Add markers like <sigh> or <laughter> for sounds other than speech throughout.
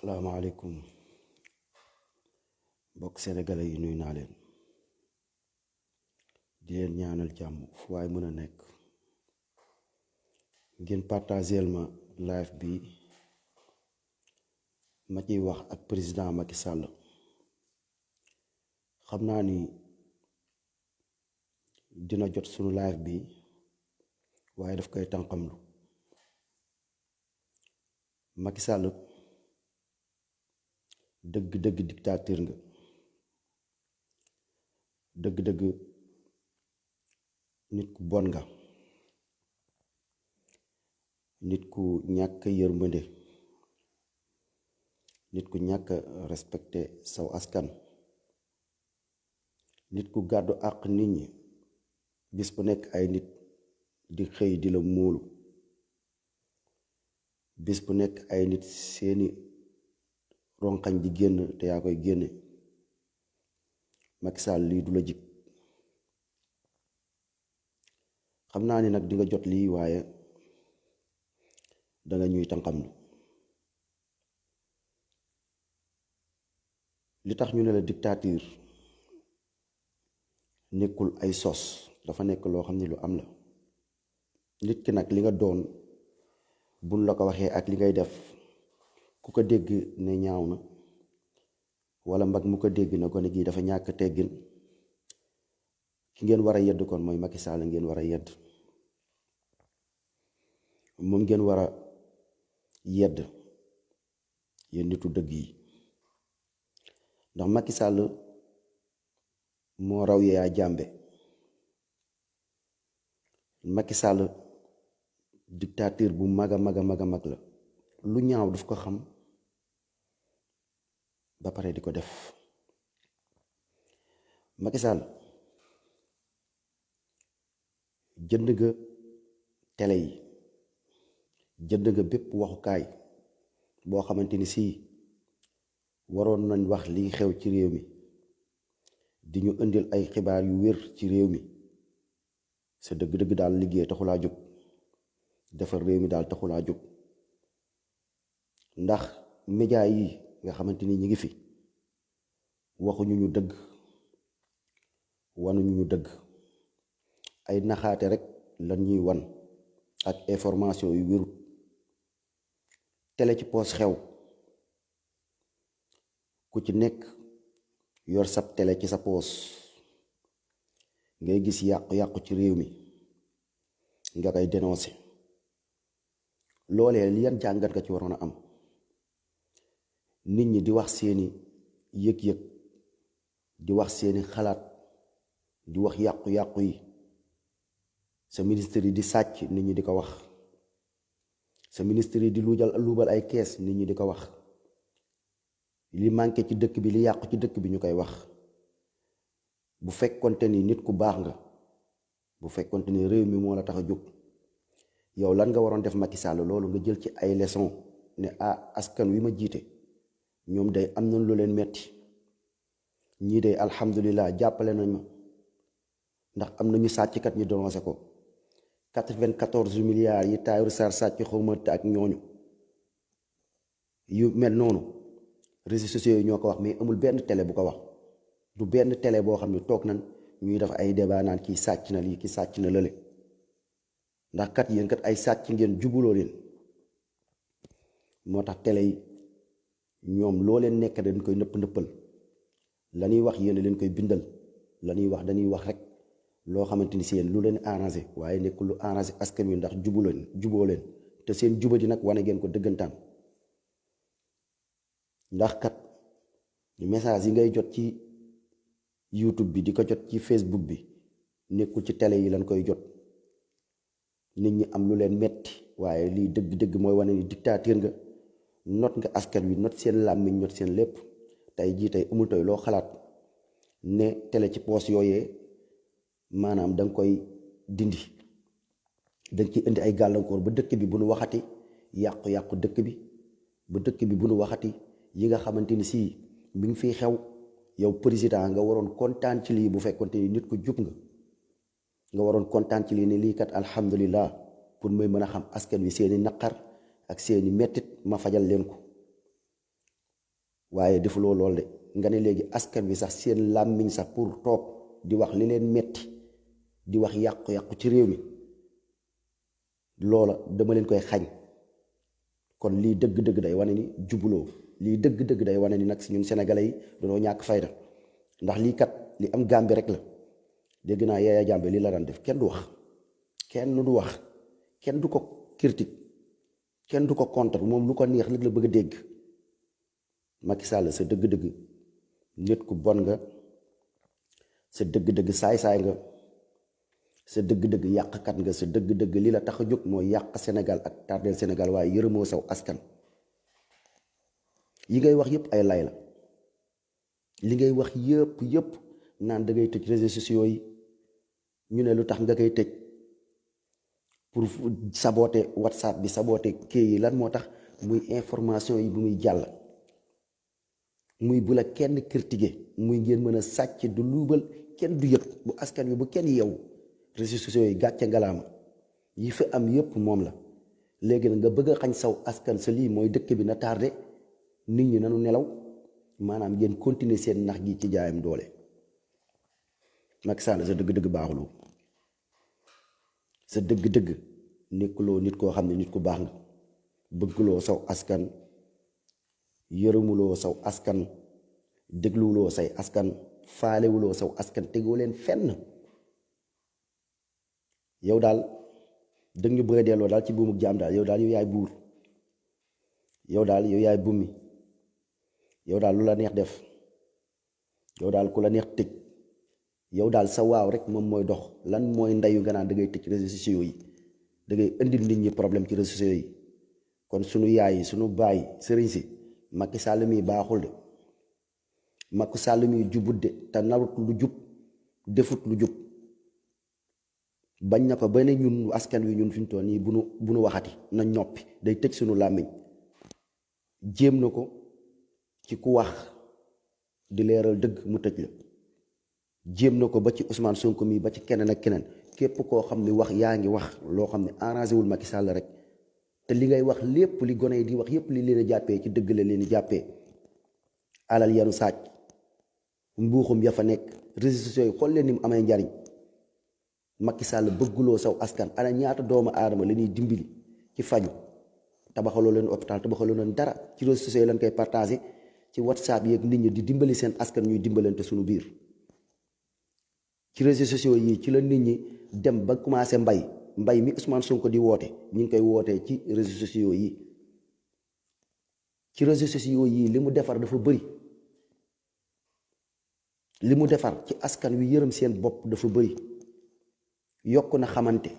salaamaaleykum mbokk sénégalais yi nuyu naa leen di leen ñaanal jàmm fu waay mën a nekk ngeen partageel ma live bi ma ciy wax ak président Macky Sall xam naa ni dina jot sunu live bi waaye daf koy tànqamlu Macky Sall deug deug dictateur nga deug deug nit ku bon nga nit ku ñak yermande nit ku ñak respecté saw askan nit ku gaddu ak nit ñi bis bu nek ay nit di xey di la moolu bis bu nek ay nit seeni ronqañ di génn te yaa koy génne Macky lii du la jig xam naa ni nag dinga jot lii waaye danga ñuy tànqam li tax ñu ne la dictature nekkul ay sos dafa nekk loo xam ne lu am la nit ki nag li nga doon buñ la ko waxee ak li ngay def ku ko dégg ne ñaaw na wala mag mu ko dégg ne gone gii dafa ñàkk teggin ki ngeen war a yedd kon mooy Macky sàll ngeen war a yedd moom ngeen war a yedd yéen nitu dëgg yi ndax makki sàll moo raw Yaya Jammeh Macky Sall dictateur bu mag a mag a mag a mag la lu ñaaw daf ko xam ba pare diko def Macky Sall jënd nga télé yi jënd nga bépp waxu kay bo xamanteni si waron nañ wax lii xew ci réew mi di ñu ëndil ay xibaar yu wër ci réew mi sa dëgg-dëgg daal liggéey taxu laa jóg réew mi daal taxu laa ndax média yi nga xamante ni ñi ngi fi waxuñu ñu dëgg wanuñu ñu dëgg ay naxaate rek lan ñuy wan ak information yu wérut tele ci poos xew ku ci nekk yor sab tele ci sa poos ngay gis yàqu-yàqu ci réew mi nga koy dénoncé loolee li yan jàngat nga ci waroon a am nit ñi di wax seeni yëg-yëg di wax seeni xalaat di wax yàqu-yàqu yi sa ministre yi di sàcc nit ñi di ko wax sa ministre yi di luujal luubal ay kees nit ñi di ko wax li manqué ci dëkk bi li yàqu ci dëkk bi ñu koy wax bu fekkonte ni nit ku baax nga bu fekkonte ni réew mi moo la tax a jóg yow lan nga waroon def Macky Sall loolu nga jël ci ay leçon ne ah askan wi ma jiite ñoom day am na lu leen metti ñii de alhamdulilah jàppale nañ ma ndax am na ñu sàcckat ñu dénoncé ko quatre-vingt-quatorze milliards yi Tahirou Sarr sàcc xawma ak ñooñu yu mel noonu réseaux sociaux yi ñoo ko wax mais amul benn tele bu ko wax du benn tele boo xam ne toog nañ ñuy def ay débat naan kii sàcc na lii ki sàcc na lële ndax kat yéen kat ay sàcc ngeen jubuloo leen moo tax tele yi ñoom loo leen nekk dañ koy nëpp nëppal la ñuy wax yéen leen koy bindal la ñuy wax dañuy wax rek loo xamante ni si lu leen arrangé waaye nekk lu arrangé askan wi ndax jubu leen juboo leen te seen jubadi nag wane ngeen ko dëggantaan ndax kat message yi ngay jot ci YouTube bi di ko jot ci Facebook bi nekkul ci tele yi lañ koy jot nit ñi am lu leen metti waaye lii dëgg-dëgg mooy wane ni dictateur nga. not nga askan wi not seen làmmiñ not seen lépp tey jii tey amul loo xalaat ne télé ci poos yooyee maanaam danga koy dindi da nga ciy indi ay gàllankoor ba dëkk bi bu nu waxati yàqu-yàqu dëkk bi ba dëkk bi bu nu waxati yi nga xamante ni sii mi ngi fiy xew yow président nga waroon kontaan ci lii bu fekkonte ni nit ko jub nga nga waroon kontaan ci lii ne lii kat alhamdulillah pour may mën a xam askan wi seeni naqar ak seeni metit ma fajal len ko waaye defuloo lool de ngane legi askan bi sax seen làmmiñ sax pour toog di wax li len metti di wax yàqu-yàqu ci rew mi loola dama len koy xagn kon li deug deug day wane ni jubuloo li deug deug day wane ni nak ñun sénégalais yi no ñak fayda ndax li kat li am gambe rek la dégg naa Yaya Jammeh la dan def kenn du wax kenn du wax kenn du ko critique kenn du ko contre moom lu ko neex nit la bëgg dégg Macky Sall sa dëgg-dëgg nit ku bon nga sa dëgg-dëgg saay-saay nga sa dëgg-dëgg kat nga sa dëgg-dëgg li la tax a jóg mooy yàq Sénégal ak tardel Sénégal waaye yërëmoo saw askan yi ngay wax yëpp ay lay la li ngay wax yëpp yëpp naan da ngay tëj réseaux sociaux yi ñu ne lu tax nga koy tëj pour saboter whatsapp bi saboter kii yi lan moo tax muy information yi bu muy jàll muy bu la kenn kërtige muy ngeen mën a sàcc du luubal kenn du yëg bu askan wi bu kenn yeewu réseaux sociaux yi gàcce ngalaama yi fi am yëpp moom la léegi nag nga bëgg a xañ saw askan sa lii mooy dëkk bi na tardé nit ñi nanu nelaw maanaam ngeen continuer seen nax gi ci jaayam doole Macky Sall sa dëgg-dëgg baaxuloo sa dëgg-dëgg nekkuloo nit koo xam ne nit ku baax nga bëgguloo saw askan yërëmuloo saw askan dégluwuloo say askan faalewuloo saw askan tegoo leen fenn yow daal dëgg ñu bëgg delloo daal ci buumu jaam daal yow daal yow yaay buur yow daal yow yaay bummi yow daal lu la neex def yow daal ku la neex tëj yow daal sa waaw rek moom mooy dox lan mooy ndeyu gannaaw da ngay tëj réseaux sociaux yi da ngay indil nit ñi problème ci réseaux sociaux yi kon sunu yaay yi sunu baay sëriñ si Macky Sall mi baaxul de Macky Sall mi jubut de te narut lu jub defut lu jub bañ na ko ba ne ñun askan wi ñun fi mu nii bu nu bu nu waxati na ñoppi day tëj sunu làmmiñ jéem na ko ci ku wax di leeral dëgg mu tëj la. jéem na ko ba ci Ousmane Sonko mii ba ci keneen ak keneen képp koo xam ne wax yaa ngi wax loo xam ne arrangé wul Macky Sall rek te li ngay wax lépp li gone yi di wax yépp li leen a jàppee ci dëgg la leen jàppee alal yanu saaj mbuuxum ya fa nekk réseaux sociaux yi xool leen ni mu amee njariñ Macky Sall bëgguloo saw askan ana ñaata doomu aadama la ñuy dimbali ci faju tabaxaloo leen hôpital tabaxaloo leen dara ci réseaux sociaux yi lañ koy partagé ci whatsapp yeeg nit ñi di dimbali seen askan ñuy dimbalante suñu biir ci réseaux sociaux yi ci la nit ñi dem ba commencé mbay mbay mi Ousmane Sonko di woté ñi ngi koy woté ci réseaux sociaux yi ci réseaux sociaux yi limu défar defar dafa bëri limu défar defar ci askan wi yërem seen bop dafa bëri yokku na xamanté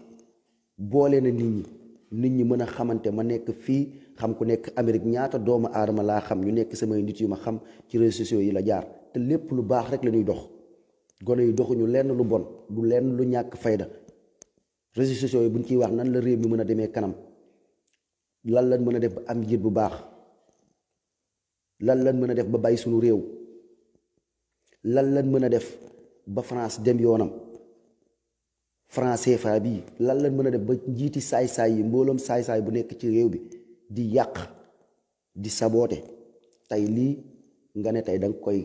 boole na nit ñi nit ñi mëna xamanté ma nekk fi xam ku nekk Amérique ñaata doomu aadama la xam ñu nekk sama nit yu ma xam ci réseaux sociaux yi la jaar té lépp lu baax rek la ñuy dox gone yi doxuñu lenn lu bon lu lenn lu ñàkk fayda réseaux sociaux yi buñ ciy wax nan la réew mi mën a demee kanam lan lan mën a def ba am njiit bu baax lan lan mën a def ba bàyyi suñu réew lan lan mën a def ba France dem yoonam France CFA bii lan lan mën a def ba njiiti saay-saay yi mbooloom saay-saay bu nekk ci réew bi di yàq di saboote tey lii nga ne tey danga koy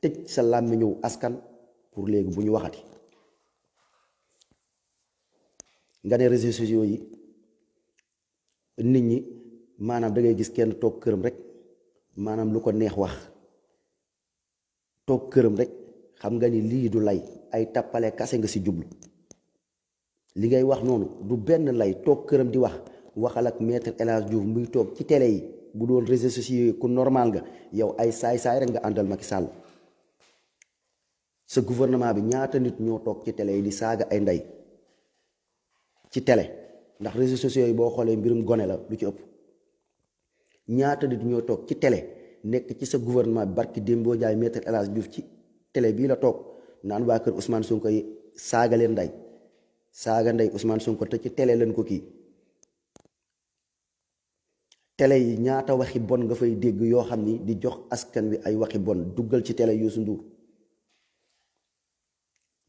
tëj sa làmmiñu askan pour léegi bu ñu waxati nga ne réseaux sociaux yi nit ñi maanaam da ngay gis kenn toog këram rek manam lu ko neex wax toog këram rek xam nga ni du lay ay tappale kase nga si li ngay wax noonu du benn lay tok këram di wax waxal ak maître El Hadj Diouf muy toog ci télé yi bu doon réseaux sociaux yi ku normal nga yow ay rek nga Macky Sall sa gouvernement bi ñaata nit ñoo toog ci télé yi di saaga ay ndey ci tele ndax réseaux sociaux yi boo xoolee mbirum gone la lu ci ëpp ñaata nit ñoo toog ci tele nekk ci sa gouvernement bi barki démb boo jaay maître El ci télé bii la toog naan waa kër Ousmane Sonko yi saaga leen ndey saaga ndey Ousmane Sonko te ci tele leen ko kii télé yi ñaata waxi bon nga fay dégg yoo xam ni di jox askan wi ay waxi bon duggal ci tele Youssou Ndour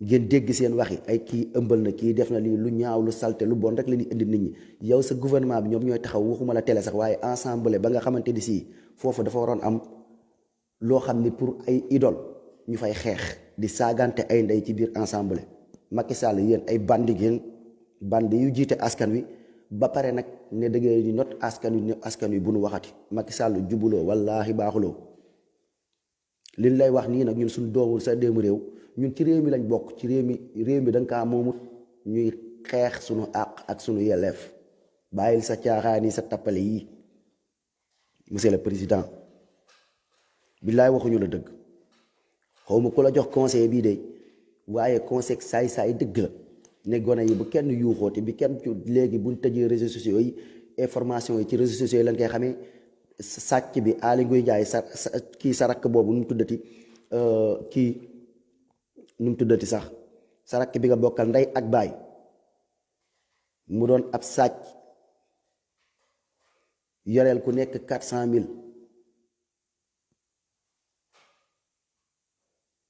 ngeen dégg seen waxi ay kii ëmbal na kii def na lii lu ñaaw lu salte lu bon rek la ñuy indi nit ñi yow sa gouvernement bi ñoom ñooy taxaw waxuma la télé sax waaye ensemble ba nga xamante ni sii foofu dafa waroon am loo xam ni pour ay idole ñu fay xeex di saagante ay ndey ci biir ensemble Macky Sall yéen ay bandi ngeen bandi yu jiite askan wi ba pare nag ne da ngeen di not askan wi askan wi bu nu waxati Macky Sall jubuloo wallaahi baaxuloo liñ lay wax nii nag ñun suñ doomul sa déemu réew ñun ci réew mi lañ bokk ci réew mi réew mi da nga kaa moomut ñuy xeex suñu àq ak suñu yelleef bàyyil sa caaxaan yi sa tappale yi monsieur le président billaay waxuñu la dëgg xawma ku la jox conseil bii de waaye conseil saay-saay dëgg la ne gone yi bu kenn yuuxoote bi kenn ci léegi buñ tëjee réseaux sociaux yi information yi ci réseaux sociaux yi lañ koy xamee sacc bi ali Ngouille Ndiaye sa ki sarak bobu nu tuddati euh ki nu tuddati sax sarak bi nga bokal nday ak bay mu don ab sacc yorel ku nek 400000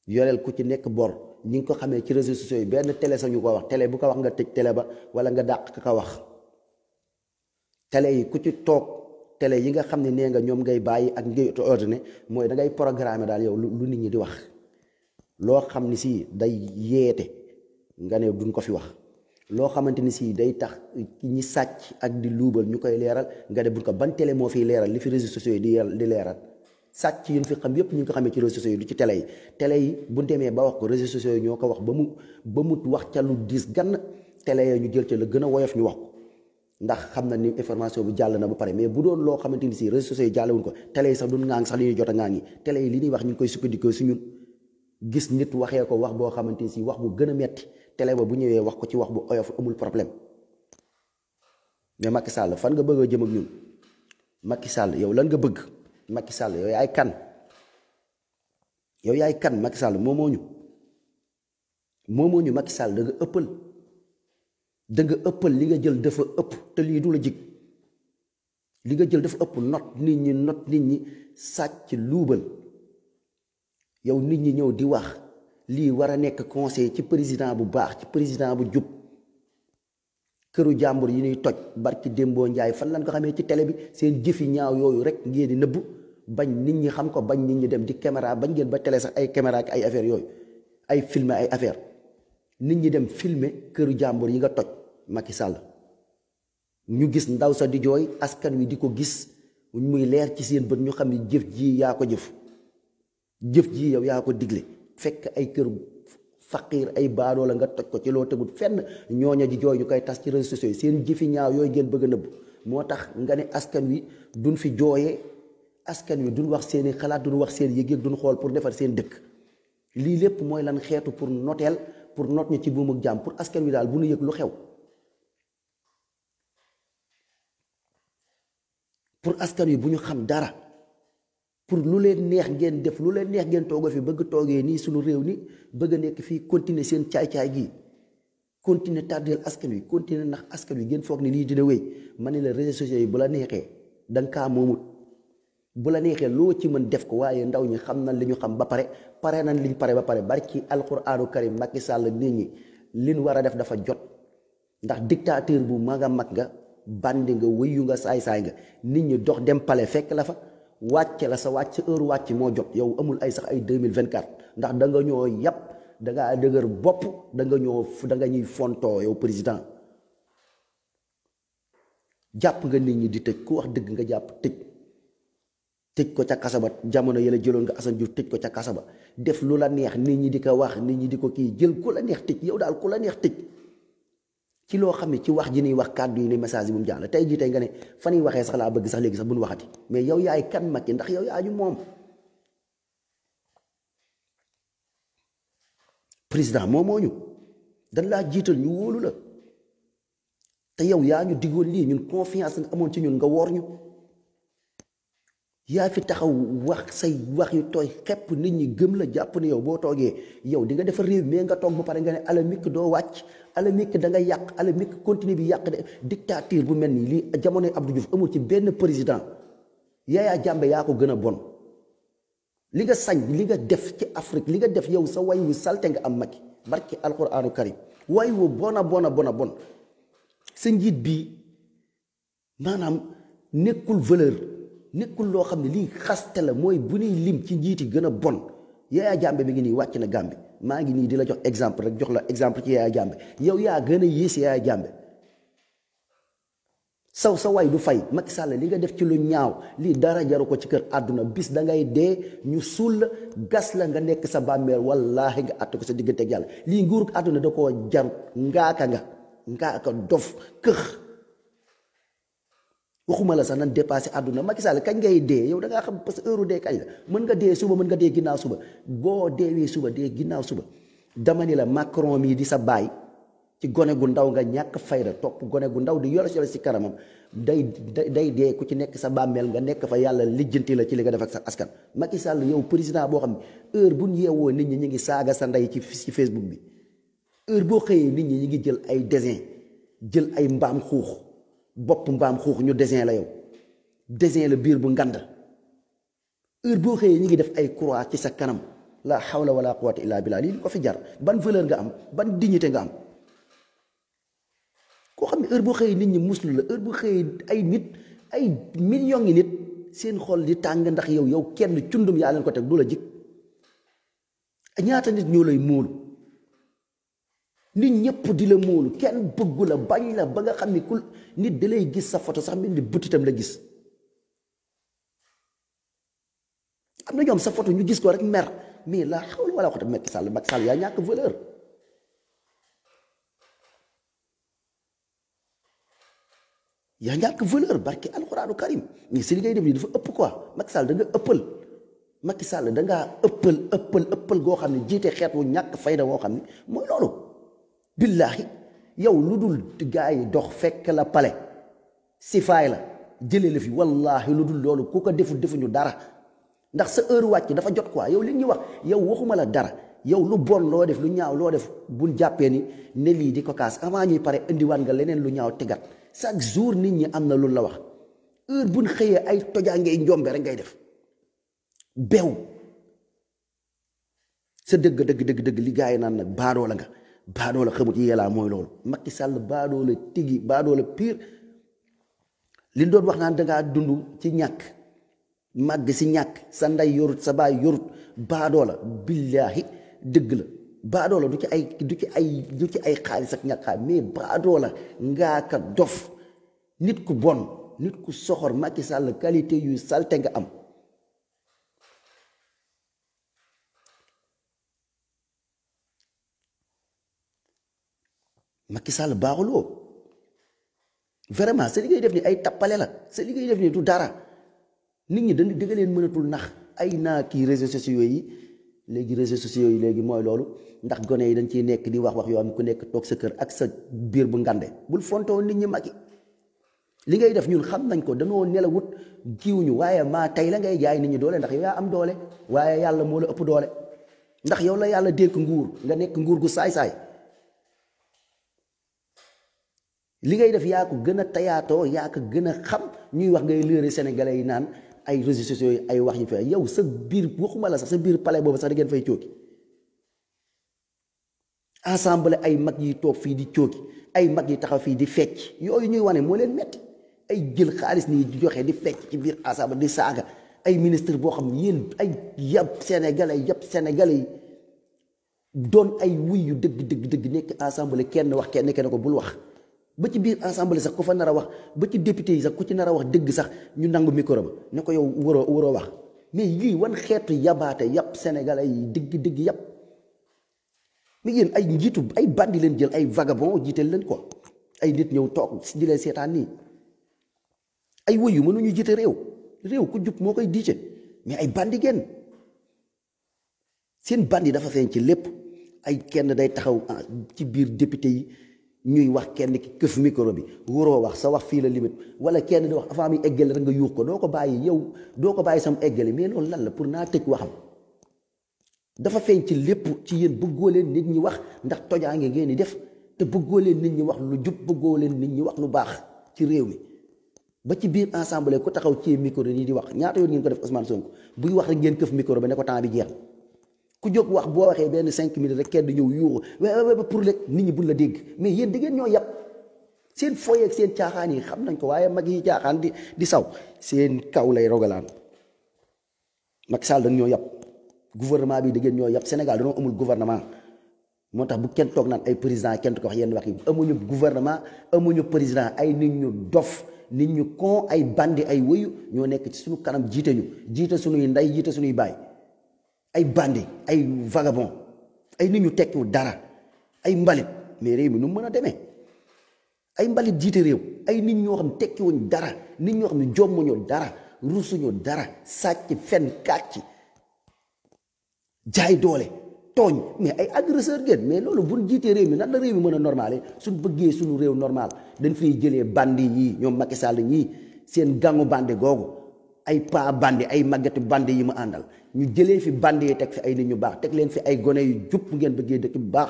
yorel ku ci nek bor ñi ko xamé ci réseaux sociaux ben télé télé ñu ko wax télé bu ko wax nga tej télé ba wala nga dakk ka ko wax télé yi ku ci tok télé yi nga xamni ne nga ñom ngay bayyi ak ngay ordiné moy da ngay programmer dal yow lu nit ñi di wax lo xamni ni si day yété nga ne duñ ko fi wax lo xamanteni ni si day tax ñi sacc ak di luubal ñu léral leeral nga ne buñ ko ban télé mo fi leeral li fi réseaux sociaux di di leeral sacc yi fi xam yépp ñu ko xamé ci réseaux sociaux du ci télé yi télé yi bu démé ba wax ko réseaux sociaux ñoko wax ba mu ba mu wax ca lu dis gan télé ya ñu jël ci la gëna woyof ñu wax ko ndax xamna ni information bi jall na ba pare mais bu doon lo xamanteni ci si réseaux sociaux jallé wuñ ko télé sax duñ ngang sax li ñu jotta ngang yi télé yi li wax ñu koy si ñun gis nit waxé ko wax bo xamanteni ci wax bu gëna metti télé ba bu ñëwé wax ko ci wax bu oyof amul problème mais Macky Sall fan nga bëgg jëm ak ñun Macky Sall yow lan nga bëgg Macky Sall yow yaay kan yow yaay kan Macky Sall moomoo ñu moomoo ñu Macky Sall da nga ëppal da nga ëppal li nga jël dafa ëpp te lii du la jig li nga jël dafa ëpp not nit ñi not nit ñi sàcc luubal yow nit ñi ñëw di wax lii war a nekk conseil ci président bu baax ci président bu jub këru jàmbur yi nuy toj barki démboo njaay fan lañ ko xamee ci tele bi seen jëfi ñaaw yooyu rek ngeen di nëbb bañ nit ñi xam ko bañ nit ñi dem di caméra bañ ngeen ba télé sax ay caméra ay affaire yooyu ay film ay affaire nit ñi dem filmer këru jambour yi nga toj Macky Sall ñu gis ndaw sa di joy askan wi diko ko gis muy leer ci seen bëñ ñu xam jëf ji ya ko jëf jëf ji yow ya ko digle fekk ay kër faqir ay baado la nga toj ko ci lo tegut fenn ñoña di joy ñu koy tass ci réseaux sociaux seen jëfi ñaaw yoy gën bëgg neub motax nga ne askan wi duñ fi joyé askan wi duñ wax seeni xalaat duñ wax seen yëg duñ xol pour défar seen dëkk li lepp moy lan xeetu pour notel pour noot ñi ci buum ak jaam pour askan wi daal bu nu yëg lu xew pour askan wi bu ñu xam dara pour lu leen neex ngeen def lu leen neex ngeen toogoo fi bëgg toogee nii suñu réew ni bëgg a nekk fii continuer seen caay-caay gii continuer tardeel askan wi continuer ndax askan wi ngeen foog ni lii dina wéy ma ne la réseaux sociaux yi bu la neexee danga kaa moomut bu la nexé loo ci mën def ko waye ndaw ñi xam nañ liñu xam ba pare paré nañ liñ paré ba pare barki alquranu karim makki Sall nit ñi liñ wara def dafa jot ndax dictateur bu maga mag nga bandi nga wëyu nga say say nga nit ñi dox dem palais fekk la fa wàcce la sa wàcc heure wàcc mo jot yow amul ay sax ay 2024 ndax da nga ñoo yap da nga degeur bop da nga ñoo da nga ñuy fonto yow président japp nga nit ñi di tëj ku wax deug nga japp Tik ko ca kasa ba jamono yele jëloon nga asan Diouf tëj ko ca kasa def lula neex nit ñi di wax nit ñi di ki jël kula neex tëj yow dal kula neex tëj ci lo xamni ci wax ji ni wax kaddu ni message bu mu jall tay ji tay nga ne fani waxe sax la bëgg sax legi sax bu ñu waxati mais yow yaay kan makki ndax yow yaaju mom président mo moo dañ la jital ñu wolu la te yow digol li ñun confiance amon ci ñun nga wor ñu yaa fi taxaw wax say wax yu tooy xepp nit ñi gëm la jàpp ne yow boo toogee yow di nga defar réew mais nga toog ba pare nga ne alamik doo wàcc alamik da nga yàq alamik continue bi yàq de bu mel nii lii jamonoy Abdou Diouf amul ci benn président Yaya Jammeh yaa ko gën a bon li nga sañ li nga def ci Afrique li nga def yow sa way wu salte nga am Macky barki alquranu karim way wu a bona a bon a bon sa njiit bii maanaam nekkul valeur nekkul loo xam ne lii xaste la mooy bu ñuy lim ci njiiti gën a bon Yaya Jammeh bi nga nii wàcc na Gàmbi maa ngi nii di la jox exemple rek jox la exemple ci Yaya Jammeh yow yaa gën a yées Yaya Jammeh saw sa waay du fay mag Sall li nga def ci lu ñaaw lii dara jaru ko ci kër àdduna bis da ngay dee ñu suul la gas la nga nekk sa bàmmeel wallaahi nga àtt ko sa digganteeg yàlla lii nguurug àdduna da koo jaru ngaaka nga ngaaka dof këx waxuma la sax nan dépassé àdduna Macky Sall kañ ngay dee yow da ngaa xam parce que u dee kañ la mën nga dee suba mën nga dee ginnaaw suba boo deewee suba dee ginnaaw suba dama ni la Macron mii di sa baay ci gone gu ndaw nga ñàkk fay fayda topp gone gu ndaw di yolos yolos ci kanamam day day dee ku ci nekk sa bàmmeel nga nekk fa yàlla lijjanti la ci li nga def ak sa askan Macky Sall yow président boo xam ne heure bu ñu yeewoo nit ñi ñu ngi saaga sa ndey ci ci Facebook bi heure boo xëyee nit ñi ñu ngi jël ay dessin jël ay mbaam xuux bopp mbaam xuux ñu dessin la yow dessin la biir bu ngand heure boo xëyee ñu ngi def ay croix ci sa kanam la xawla wala quwwata illa billah lii ko fi jar ban valeur nga am ban dignité nga am koo xam ne heure boo xëyee nit ñi muslu la heure boo xëyee ay nit ay million ngi nit seen xol di tàng ndax yow yow kenn cundum yaa leen ko teg du la jik ñaata nit ñoo lay muul nit ñëpp di la móolu kenn bëggu la bañ la ba nga xam ni ku nit da lay gis sa photo sax mel ni bëtitam la gis am na ñoom sa photo ñu gis ko rek mer mais la xawul wala waxta Macky Sall Macky Sall yaa ñàkk valeur yaa ñàkk valeur barki alxuraanu karim mais si li ngay def nii dafa ëpp quoi Macky Sall da nga ëppal Macky Sall da ngaa ëppal ëppal ëppal goo xam ne jiite xeet wu ñàkk fayda woo xam ne mooy loolu billaahi yow lu dul gaa yi dox fekk la pale sifaay la jëlee la fi wallaahi lu dul loolu ku ko deful defuñu dara ndax sa heure wàcc dafa jot ko waa yow li ñuy wax yow waxuma la dara yow lu bon loo def lu ñaaw loo def bul jàppee ni ne lii di ko kaas avant ñuy pare indiwaat nga leneen lu ñaaw tegat chaque jour nit ñi am na lu la wax heure buñ xëyee ay tojaangee njombe rek ngay def bew sa dëgg dëgg dëgg dëgg li gaa yi naan nag baadoo la nga baadoo la xamut yi yàlla mooy loolu Macky Sall baadoola la baadoola baadoo la li doon wax naan danga dundu ci ñàkk màgg ci ñàkk sa nday yorut sa baay yorut baadoo la billaahi dëgg la baadoo la du ci ay du ci ay du ak ñàkk mais baadoo la ngaa ka dof nit ku bon nit ku soxor Macky Sall qualité yu salte nga am Macky Sall baaxuloo vraiment sa ngay def ni ay tappale la sa ngay def ni du dara nit ñi dañu dëgg leen mënatul nax ay naa kii réseaux sociaux yi léegi réseaux sociaux yi léegi mooy loolu ndax gone yi dañ ciy nekk di wax wax yow am ku nekk toog sa kër ak sa biir bu ngande bul fontoo nit ñi Macky li ngay def ñun xam nañ ko danoo nelawut jiwuñu waaye maa tey la ngay jaay nit ñi doole ndax yow yaa am doole waaye yàlla moo la ëpp doole ndax yow la yàlla dénk nguur nga nekk nguur gu saay-saay li ngay def yaa ko gën a tayaatoo yaa ko gën a xam ñuy wax ngay lëre sénégalais yi naan ay réseaux sociaux yi ay wax yu fay yow sa biir waxuma la sax sa biir pale boobu sax di ngeen fay cooki assemblée ay mag yi toog fii di cooki ay mag yi taxaw fii di fecc yooyu ñuy wane moo leen metti ay jël xaalis nii joxe di fecc ci biir assemblée di saaga ay ministre boo xam yéen ay yab sénégalais yab sénégalais yi doon ay wuy yu dëgg dëgg dëgg nekk assemblée kenn wax kenn kenn ko bul wax ba ci biir ensemble sax ku fa nar a wax ba ci député yi sax ku ci nar a wax dëgg sax ñu nangu micro ma ne ko yow waroo waroo wax mais lii wan xeetu yabaate yàpp sénégalais yi dëgg dëgg yàpp mi yéen ay njiitu ay bandi leen jël ay vagabond jiital leen ko ay nit ñëw toog si di seetaan nii ay wëyu mënuñu jiite réew réew ku jub moo koy diite mais ay bandi genn seen bandi dafa feeñ ci lépp ay kenn day taxaw ah, ci biir député yi ñuy wax kenn ki këf micro bi wuroo wax sa wax fii la limite wala kenn di wax avant muy eggale rek nga yuux ko doo ko bàyyi yow doo ko bàyyi sam eggale mee loolu lan la pour naa tëj waxam dafa feeñ ci lépp ci yéen bëggoo leen nit ñi wax ndax tojaange ngeen di def te bëggoo leen nit ñi wax lu jub bëggoo leen nit ñi wax lu baax ci réew mi ba ci biir ensemble ku taxaw ci micro yi di wax ñaata yoon ngeen ko def Ousmane Sonko buy wax rek ngeen këf micro bi ne ko temps bi jeex ku jóg wax bo waxe ben cinq minutes rek kenn du yuur yuuxu ba pour rek nit ñi bul la deg mais yeen digeen ñoo yap seen foy ak seen caaxaan yi xam nañ ko waye mag yi caaxaan di di saw seen kaw lay rogalaan Macky sal dañ ñoo yap gouvernement bi da ñoo yap senegal dañu amul gouvernement motax bu kenn tok naan ay president kenn du ko wax yeen wax yi amuñu gouvernement amuñu president ay nit ñu dof nit ñu kon ay bandi ay wëyu ñoo nekk ci suñu kanam jiite ñu jiite suñuy ndey jiite suñuy baay ay bandi ay vagabond ay nit ñu tekkiwul dara ay mbalit mais réew mi nu mu mën a demee ay mbalit jiite réew ay nit ñoo xam tekkiwuñ dara nit ñoo xam ne jommuñu dara rusuñu dara sàcc fen kàcc jaay doole tooñ mais ay agresseur ngeen mais loolu buñ jiitee réew mi nan la réew mi mën a normale suñ bëggee suñu réew normal dañ fiy jëlee bandi yii ñoom Macky Sall ñii seen gàngu bandi googu ay paa bandi ay màggati bandi yi mu àndal ñu jëlee fi bandi yi teg fi ay nit ñu baax teg leen fi ay gone yu jub ngeen bëggee dëkk bu baax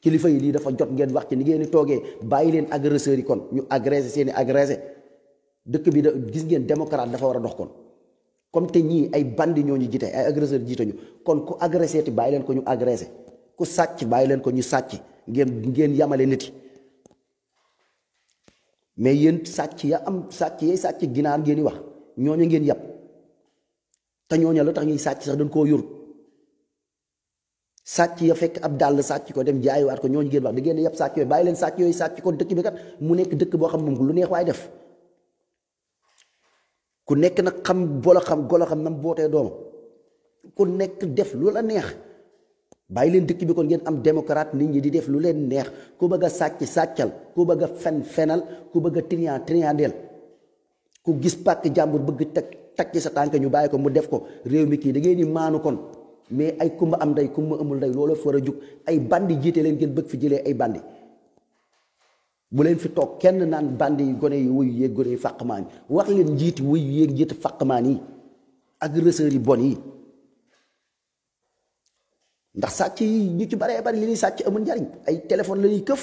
kilifa yi lii dafa jot ngeen wax ci ni ngeen di toogee bàyyi leen agresseurs yi kon ñu agressé seen i dëkk bi da gis ngeen démocrate dafa war a dox kon comme te ñii ay bandi ñoo ñu jiite ay agresseur jiite kon ku agressé ti bàyyi leen ko ñu agressé ku sàcc bàyyi leen ko ñu sàcc ngeen ngeen yamale nit yi mais yéen sàcc ya am sàcc yay sàcc ginaar ngeen di wax ñooñu ngeen yàpp te ñooña la tax ñuy sàcc sax dañ koo yorut sàcc ya fekk ab dàll sàcc ko dem jaay waat ko ñooñu ngeen wax da ngeen yab sàcc yooyu bàyyi leen sàcc yooyu sàcc ko dëkk bi kat mu nekk dëkk boo xam moom lu neex waay def ku nekk nag xam bolo xam golo xam bootee doomam ku nekk def lu la neex bàyyi leen dëkk bi kon ngeen am démocrate nit ñi di def lu leen neex ku bëgg a sàcc sàccal ku bëgg fen fenal ku bëgg a trian triandel ku gis pàkk jàmbur bëgg teg teg sa tànk ñu bàyyi ko mu def ko réew mi kii da ngeen di maanu kon mais ay kumba am ndey kumba amul ndey loolu fa war a jug ay bandi jiite leen ngeen bëgg fi jëlee ay bandi bu leen fi toog kenn naan bandi yi gone yi wuy yeeg gone yi fàqmaan yi wax leen njiiti wuyu yeeg njiiti fàqmaan yi agresseurs yi bon yi ndax sàcc yi ñu ci baree bari li ñuy sàcc amul njariñ ay téléphone la ñuy këf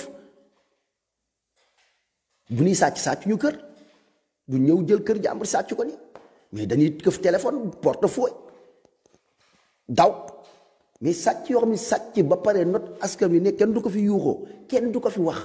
bu nuy sàcc sàcc ñu kër bu ñëw jël kër jàmbur sàcc ko ni mais dañuy këf téléphone portefeuille daw mais sàcc yoo xam ne sàcc ba pare not askan wi ne kenn du ko fi yuuxoo kenn du ko fi wax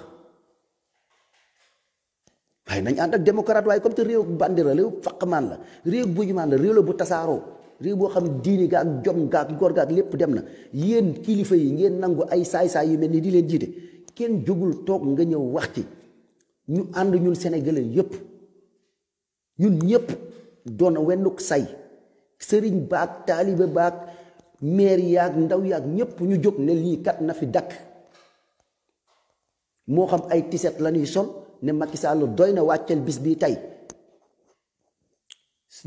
waaye nañ ànd ak démocrate waaye comme te réew bandi la réew faqmaan la réew bujumaan la réew la bu tasaaroo réew boo xam diini ga jom ga ak góor lépp dem na yéen kiilifa yi ngeen nangu ay saay-saay yu mel nii di leen jiite kenn jógul toog nga ñëw wax ci ñu ànd ñun sénégalais yépp ñun ñëpp doon na wennuk say sëriñ baag taalibe baag meer yaag ndaw yaag ñépp ñu jóg ne lii kat na fi dakk moo xam ay tiset lañuy sol ne Macky Sall doy na wàcceel bis bii tey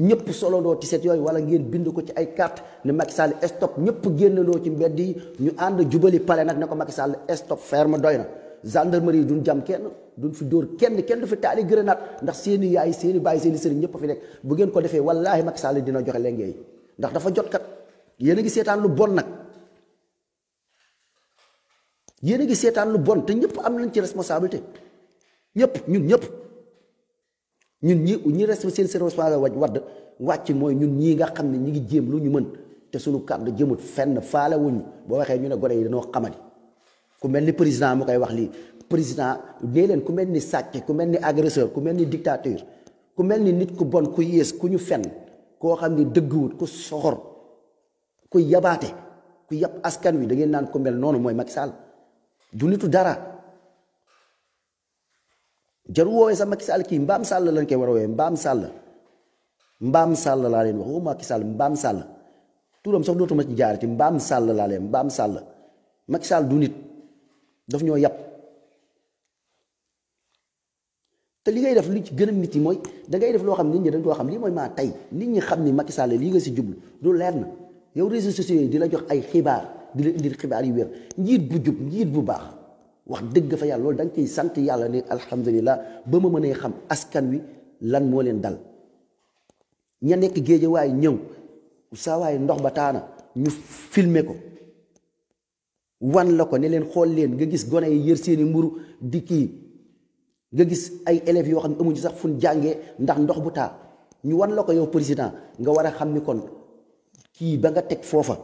ñëpp solondoo tiset yooyu wala ngeen bind ko ci ay kat ne Macky Sall stop ñëpp génnandoo ci mbedd yi ñu ànd a jubali pale nag ne ko Macky Sall stop ferme doy na gendarmerie duñ jam kenn dun fi dóor kenn kenn du fi taali grenade ndax seeni yaay seeni baay seeni sëriñ ñëpp fi nekk bu ngeen ko defee wallaahi Macky Sall dina joxe lengeey ndax dafa jot kat yéen a ngi seetaan lu bon nag yéen a ngi seetaan lu bon te ñëpp am nañ ci responsabilité ñëpp ñun ñëpp ñun ñi ñi res seen seen responsabilité wadd wàcc mooy ñun ñii nga xam ne ñi ngi jéem lu ñu mën te suñu kàddu jëmut fenn faale wuñu boo waxee ñu ne gone yi dañoo xamadi ku mel ni président mu koy wax lii président dee leen ku mel ni sàcc ku mel ni agresseur ku mel ni dictateur ku mel ni nit ku bon ku yées ku ñu fen koo xam ni dëgguwut ku soxor ku yabaate ku yab askan wi da ngeen naan ku mel noonu mooy Macky du nitu dara jaru woowee sa Macky Sall kii mbaam sàll lañ koy war a woowee mbaam sàll mbaam sàll laa leen wax woo Macky Sall mbaam sàll turam sax dootuma ci jaarati mbaam sàll laa leen mbaam sàll Macky Sall du nit daf ñoo yàpp te li ngay def li ci gën nit yi mooy dangay def loo xam nit ñi dañ koo xam lii mooy maa tey nit ñi xam ni Macky Sall lii nga si jublu loolu leer na yow réseaux sociaux yi di la jox ay xibaar di la indil xibaar yu wér njiit bu jub njiit bu baax wax dëgg fa yàlla loolu da nga sant yàlla ni alhamdulilah ba ma mënee xam askan wi lan moo leen dal ña nekk géeje waaye ñëw saa waaye ndox ba taana ñu filmer ko. wan la ko ne leen xool leen nga gis gone yi yër seeni mburu di kii nga gis ay élèves yoo xam ne amuñu sax fuñ jàngee ndax ndox bu taa ñu wan la ko yow président nga war a xam ni kon kii ba nga teg foofa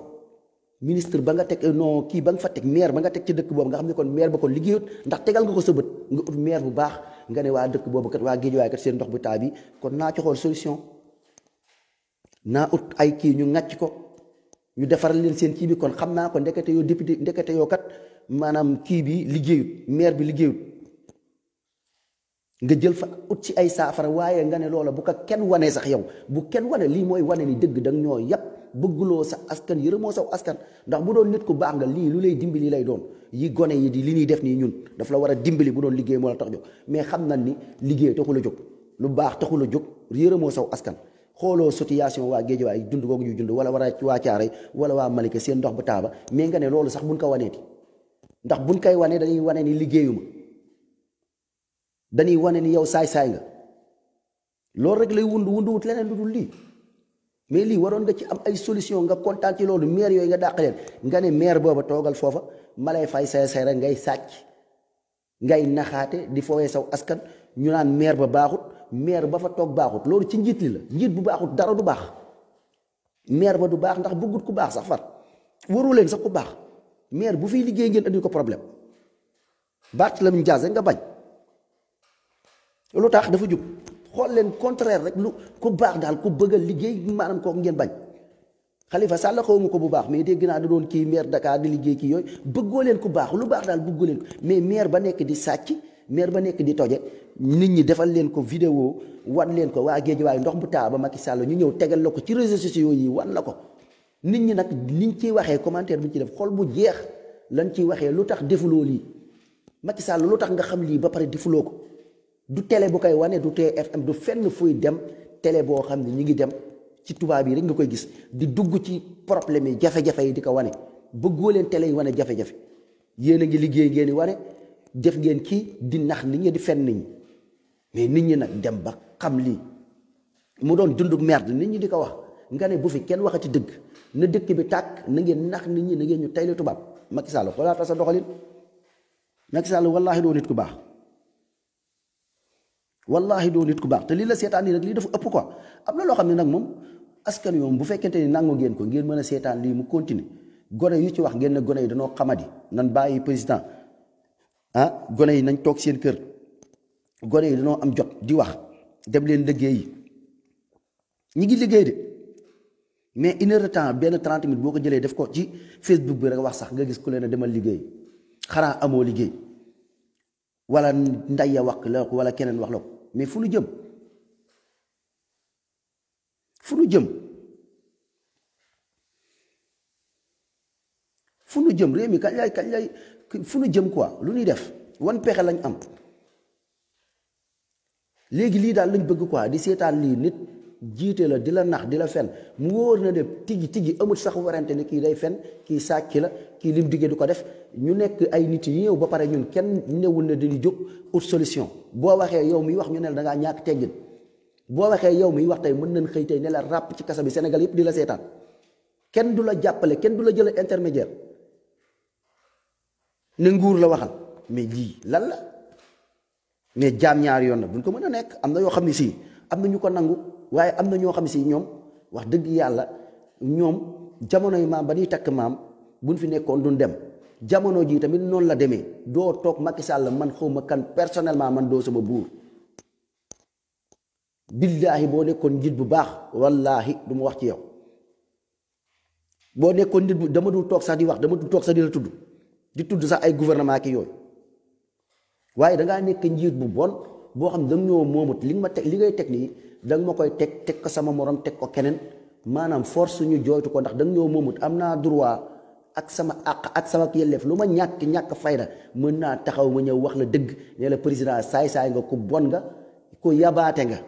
ministre ba nga teg euh, non kii ba nga fa teg maire ba nga teg ci dëkk boobu nga xam ne kon maire ba ko liggéeyut ndax tegal nga ko sa bët nga ut maire bu baax nga ne waa dëkk boobu kat waa Guédiawaye kat seen ndox bu taa bi kon naa ci solution naa ut ay kii ñu ŋàcc ko. ñu defaral leen seen kii bi kon xam naa ko ndekete yoo député ndekete yoo kat maanaam kii bi liggéeyut maire bi liggéeyut nga jël fa ut ci ay saafara waaye nga ne loola bu ko kenn wanee sax yow bu kenn wane lii mooy wane ni dëgg dang ñoo yàpp bëgguloo sa askan yërëmoo saw askan ndax mu doon nit ku baax nga lii lu lay dimbali lay doon yi gone yi di li ñuy def nii ñun daf la war a dimbali bu doon liggéey moo la tax jóg mais xam nañ ni liggéey taxul a jóg lu baax taxul a jóg yërëmoo saw askan xooloo situation waa Géejawaay dund googu ñuy jund wala waa Caaray wala waa Malika seen ndox bu taaba mais nga ne loolu sax buñ ko waneeti ndax buñ koy wanee dañuy wane ni liggéeyuma dañuy wane ni yow saay-saay nga loolu rek lay wund wund wut leneen lu dul lii mais lii waroon nga ci am ay solution nga kontaan ci loolu maire yooyu nga dàq nga ne maire booba toogal foofa ma lay fay saay say rek ngay sàcc ngay naxaate di foowee saw askan ñu naan maire ba baaxut maire ba fa toog baaxut loolu ci njiit li la njiit bu baaxut dara du baax maire ba du baax ndax bëggut ku baax sax far waru leen sax ku baax maire bu fiy liggéey ngeen andi ko problème la Barthélémy Dias nga bañ lu tax dafa jub xool leen contraire rek lu ku baax daal ku bëgg a liggéey maanaam kooku ngeen bañ Khalifa Sall xawma ko bu baax mais dégg naa da doon kii maire Dakar di liggéey kii yooyu bëggoo leen ku baax lu baax daal bëggoo leen ko mais maire ba nekk di sàcc. maire ba nekk di toje nit ñi defal leen ko video wan leen ko waa géej waaye ndox mu taa ba Macky Sall ñu ñëw tegal la ko ci réseaux sociaux yi wan la ko nit ñi nag niñ ciy waxee commentaire bi ñu ci def xol bu jeex lañ ciy waxee lu tax defuloo lii Macky Sall lu tax nga xam lii ba pare defuloo ko du tele bu koy wanee du TFM du fenn fuy dem tele boo xam ne ñu ngi dem ci tubaab yi rek nga koy gis di dugg ci problème yi jafe-jafe yi di ko wane bëggoo leen yi wane jafe yéen a ngi liggéey ngeen di wane jëf ngeen kii di nax nit ñi di fen nit mais nit ñi nag dem ba xam lii mu doon dunduk merde nit ñi di ko wax nga ne bu fi kenn waxati dëgg na dëkk bi tàkk na ngeen nax nit ñi na ngeen ñu tayle tubaab Macky Sall xoolaata sa doxalin Macky Sall wallaahi doo nit ku baax wallaahi doo nit ku baax te lii la seetaan nii nag lii dafa ëpp quoi am na loo xam ne nag moom askan wi moom bu fekkente ni nangu ngeen ko ngeen mën a seetaan lii mu continuer gone yu ci wax ngeen ne gone yi danoo xamadi nan bàyyi président ah gone yi nañ toog seen kër gone yi dañoo am jot di wax dem leen liggéey yi ñi ngi liggéey de mais une heure temps benn 30 minutes boo ko jëlee def ko ci Facebook bi rek wax sax nga gis ku leen a demal liggéey xanaa amoo liggéey walla nday ya wax la ko wala keneen wax la ko mais fu nu jëm fu nu jëm fu nu jëm réew mi kañ lay kañ lay fu nu jëm quoi lu ñuy def wan pexe lañ am léegi lii daal lañ bëgg quoi di seetaan lii nit jiite la di la nax di la fen mu wóor na de tigi tigi amul sax warante ni kii day fen kii sàcc la kii lim diggee du ko def ñu nekk ay nit yi ñëw ba pare ñun kenn newul na di jóg ut solution boo waxee yow mi wax ñu ne la da ñàkk teggin boo waxee yow miy wax tey mën nañ xëy tey ne la ràpp ci kasa bi Sénégal yëpp di la seetaan kenn du la jàppale kenn du la jël intermédiaire ne nguur la waxal mais lii lan la mais jam ñaar yoon la buñ ko mëna nek amna yo xamni si amna ñu ko nangu waye amna ño xamni si ñom wax deug yalla ñom jamono yi ma ba ni tak maam buñ fi nekkon duñ dem jamono ji tamit non la deme do tok Macky Sall man xawma kan personnellement man do sama buur billahi bo nekkon njiit bu baax wallahi du ma wax ci yow bo nekkon nit bu dama du tok sax di wax dama du tok sax di la tuddu di tudd sax ay gouvernement ki yoy waye da nga nek njit bu bon bo xam dañ ñoo momut li ma li ngay tek ni da nga koy tek tek ko sama morom tek ko kenen manam force ñu joytu ko ndax danga ñoo momut am droit ak sama ak ak sama yelleef luma ñak ñak fayda mën na taxaw ma ñew wax la deug ne la president say say nga ku bon nga ku yabate nga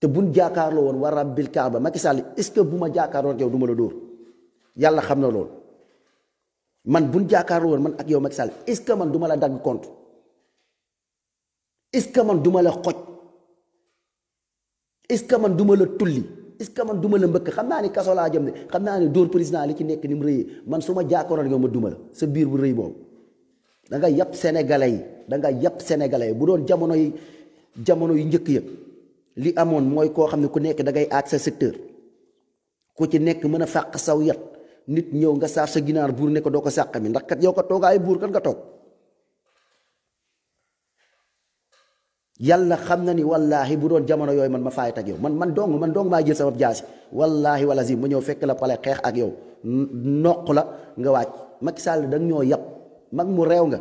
te buñ jaakarlo won warabil kaaba Macky est-ce que bu ma yow la dóor yalla xamna man buñ jàkkaarloo woon man ak yow Macky Sall est-ce que man duma la dagg compte est-ce que man duma la xoj est-ce que man duma la tulli est-ce que man duma la mbëkk xam naa ni kasolaa laa jëm xam naa ni dóor président li ci nekk ni mu rëyee man suma ma jàkkaaroon yow ma duma la sa biir bu rëy boobu da nga yàpp sénégalais yi da nga yàpp sénégalais yi bu doon jamono yi jamono yu njëkk ya li amoon mooy koo xam ne ku nekk da ngay aag sa secteur ku ci nekk mën a fàq saw yat nit ñew nga saaf sa ginaar bur ne ko doo ko sàqami ndax kat yow ko ay bur kan nga tok yalla xam na ni wallahi bu doon jamono yoy man ma faayat ak yow man man dong man dong ma jël sama jasi wallahi wala zim ma ñëw fekk la pale xex ak yow noq la nga wacc Macky Sall da ñoo yab mag mu rew nga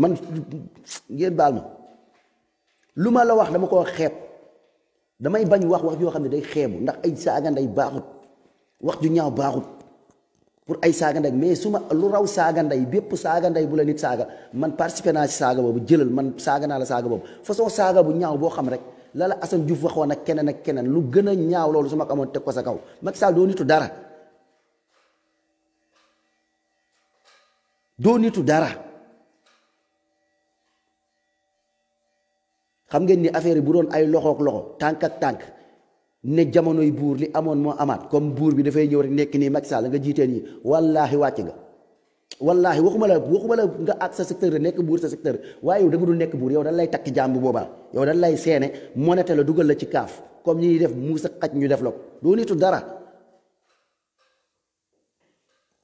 man ngeen balma luma la wax dama ko xeb damay bañ wax wax yo xam day ndax ay saaga nday baxut wax ju ñaaw baaxut pour ay saaga ndey mais su ma lu raw saaga ndey bépp saaga ndey bu la nit saaga man participé naa ci saaga boobu jëlal man saaga naa la saaga boobu façon saaga bu ñaaw boo xam rek lala la Assane Diouf waxoon ak keneen a keneen lu gën a ñaaw loolu suma amoon teg ko sa kaw mag Sall doo nitu dara doo nitu dara xam ngeen ni affaire bu doon ay loxook loxo tànk ak tànk ne jamonoy buur li amoon moo amaat comme buur bi dafay ñëw rek nekk nii saa Sall nga jiitee nii wallaahi wàcc nga wallaahi waxuma la waxuma la nga ak sa secteur nekk buur sa secteur waaye yow da nekk buur yow dañ lay takk jàmb boobaa yow dañ lay seene monete la dugal la ci kaaf comme ñi def muusa xaj ñu def la ko doo nitu dara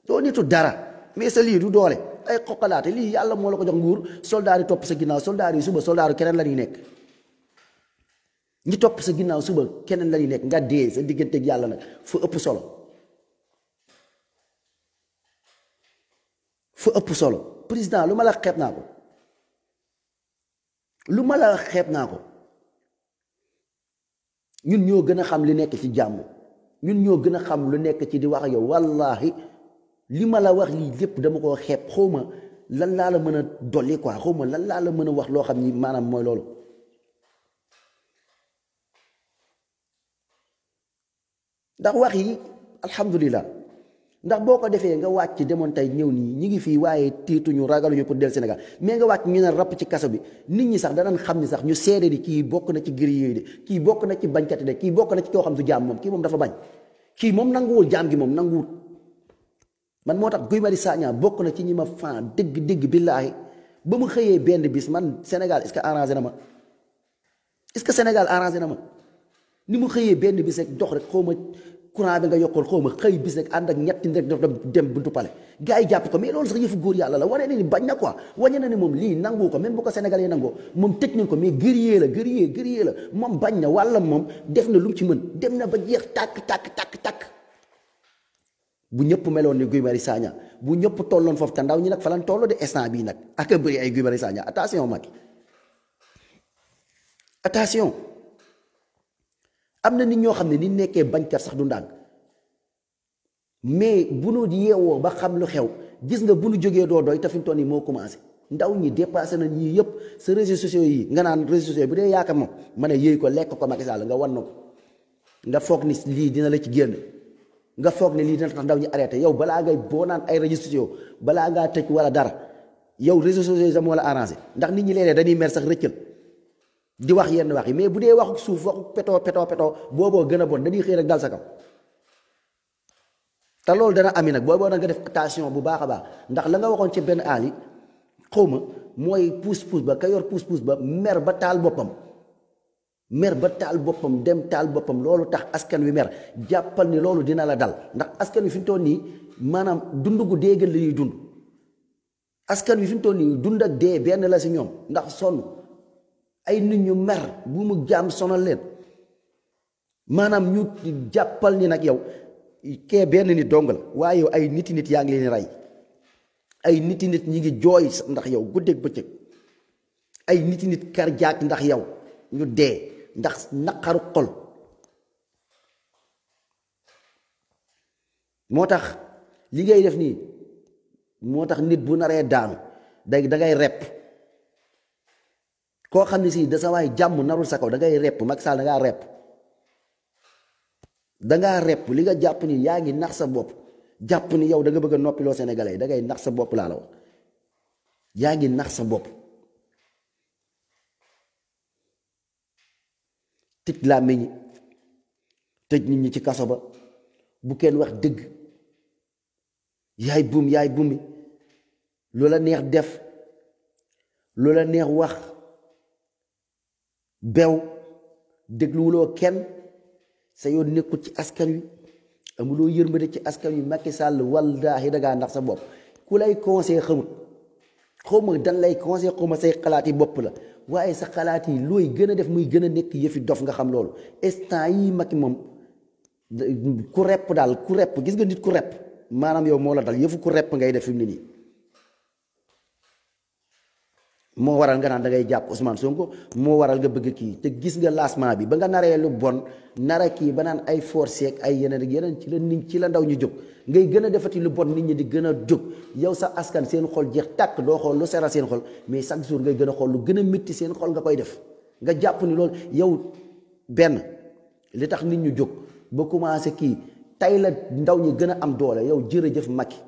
doo nitu dara mais sa lii du doole ay xoqalaate lii yàlla moo la ko jox nguur soldaari topp sa ginnaaw soldaar yi suba soldaar keneen la ñuy nekk ñi topp sa ginnaaw suba keneen la ñuy nekk nga dee sa digganteeg yàlla nag fu ëpp solo fu ëpp solo président lu ma la xeeb naa ko lu ma la xeeb naa ko ñun ñoo gën a xam li nekk ci jàmm ñun ñoo gën a xam lu nekk ci di wax yow wallahi li ma la wax lii lépp dama koo xeeb xaw ma lan laa la mën a dolli quoi xaw ma lan laa la mën a wax loo xam ni maanaam mooy loolu. ndax wax yi alhamdulillah ndax boko defé nga wacc demoon tay ñew ni ñi ngi titu ñu tiituñu ñu pour del Sénégal mais nga wacc ñu na rap ci kasso bi nit ñi sax xam ni sax ñu sédé di ki bokk na ci yi di ki bokk na ci bañkat de ki bokk na ci ko xam du jaam mom ki mom dafa bañ ki mom nangul jaam gi mom nangul man motax Guy mari Sagna bokk na ci ñima ma fan dig dig bamu xeyé mu benn bis man Sénégal est ce que arrangé na ma est ce que Sénégal arrangé na ma ni mu xëyee benn bis rek dox rek xaw ma courant bi nga yokkal xaw ma xëy bis rek ànd ak ñetti rek daf dem buntu pale gars yi jàpp ko mais loolu sax yëfu góor yàlla la wane na ni bañ na ko wane na ni moom lii nangu ko même bu ko sénégalais nangoo moom tëj nañ ko mais guerrier la guerrier guerrier la moom bañ na wàlla moom def na lu ci mën dem na ba jeex tàkk tàkk tàkk tàkk bu ñëpp meloon ni Guy Marius saaña bu ñëpp tolloon foofu te ndaw ñi nag falan tolloo de instant bii nag a bëri ay Guy Marius Sagna attention Macky am na nit ñoo xam ne ni nekkee bañ bañkat sax du ndànk mais bu nu yeewoo ba xam lu xew gis nga bu nu jógee doo dooy te fi mu toll nii moo commencé ndaw ñi dépassé na ñi yëpp sa réseaux sociaux yi nga naan réseaux sociaux bu dee yaakaar moom ma ne yéy ko lekk ko Macky la nga wan na ko nga foog ni lii dina la ci génn nga foog ni lii dina tax ndaw ñi arrêté yow balaa ngay boo naan ay réseaux sociaux balaa ngaa tëj wala dara yow réseaux sociaux yi sax moo la arrangé ndax nit ñi léeg dañuy mer sax rëccal. di wax yenn wax yi mais bu dee waxu suuf waxu petoo petoo petoo booboo gën a bon dañuy xëy rek dal sa kaw te loolu dana ami nag booboo nag nga def attention bu baax a baax ndax la nga waxoon ci benn aal yi xaw ma mooy puus puus ba ka yor puus puus ba mer ba taal boppam mer ba taal boppam dem taal boppam loolu tax askan wi mer jàppal ni loolu dina la dal ndax askan wi fi mu toll nii maanaam dund gu dee gën dund askan wi fi mu toll nii dund ak dee benn la si ñoom ndax sonn. ay nit ñu mer bu mu jaam sonal leen maanaam ñu jàppal ni nag yow kee benn ni dong la waaye ay niti nit yaa ngi leen rey ay niti nit ñi ngi jooy ndax yow guddeeg bëccëg ay niti nit kar ndax yow ñu dee ndax naqaru xol moo tax li ngay def nii moo tax nit bu naree daanu day dangay repp ko xamni si da sa way jam narul sa kaw da ngay rep mak sal da nga rep da nga rep li nga japp ni ya ngi nax sa bop japp ni yow da nga bëgg a lo Sénégalais da ngay nax sa bop laa la wax ngi nax sa bop tit meñ tej nit ñi ci kasso ba bu kenn wax deug yaay bum yaay bumi lola neex def lola neex wax. bew dégluwuloo kenn sa yoon nekkul ci askan wi amuloo yërmande ci askan wi wal Sall yi dangaa ndax sa bopp ku lay conseil xamut xaw ma dan lay conseil xaw ma say xalaat bopp la waaye sa xalaat yi looy gën a def muy gën a nekk yëfi dof nga xam loolu instant yii Macky moom ku repp daal ku repp gis nga nit ku repp maanaam yow moo la dal yëfu ku repp ngay def fi mu ne moo waral nga naan da ngay jàpp Ousmane Sonko moo waral nga bëgg kii te gis nga lancement bi ba nga naree lu bon nara kii ba naan ay force ak ay yeneen yeneen ci la nit ci la ndaw ñu jóg ngay gën a defati lu bon nit ñi di gën a jóg yow sa askan seen xol jeex tàkk doo xool lu seral seen xol mais chaque jour ngay gën a xool lu gën a métti seen xol nga koy def nga jàpp ni loolu yow benn li tax nit ñu jóg ba commencé kii tey la ndaw ñu gën a am doole yow jërëjëf Macky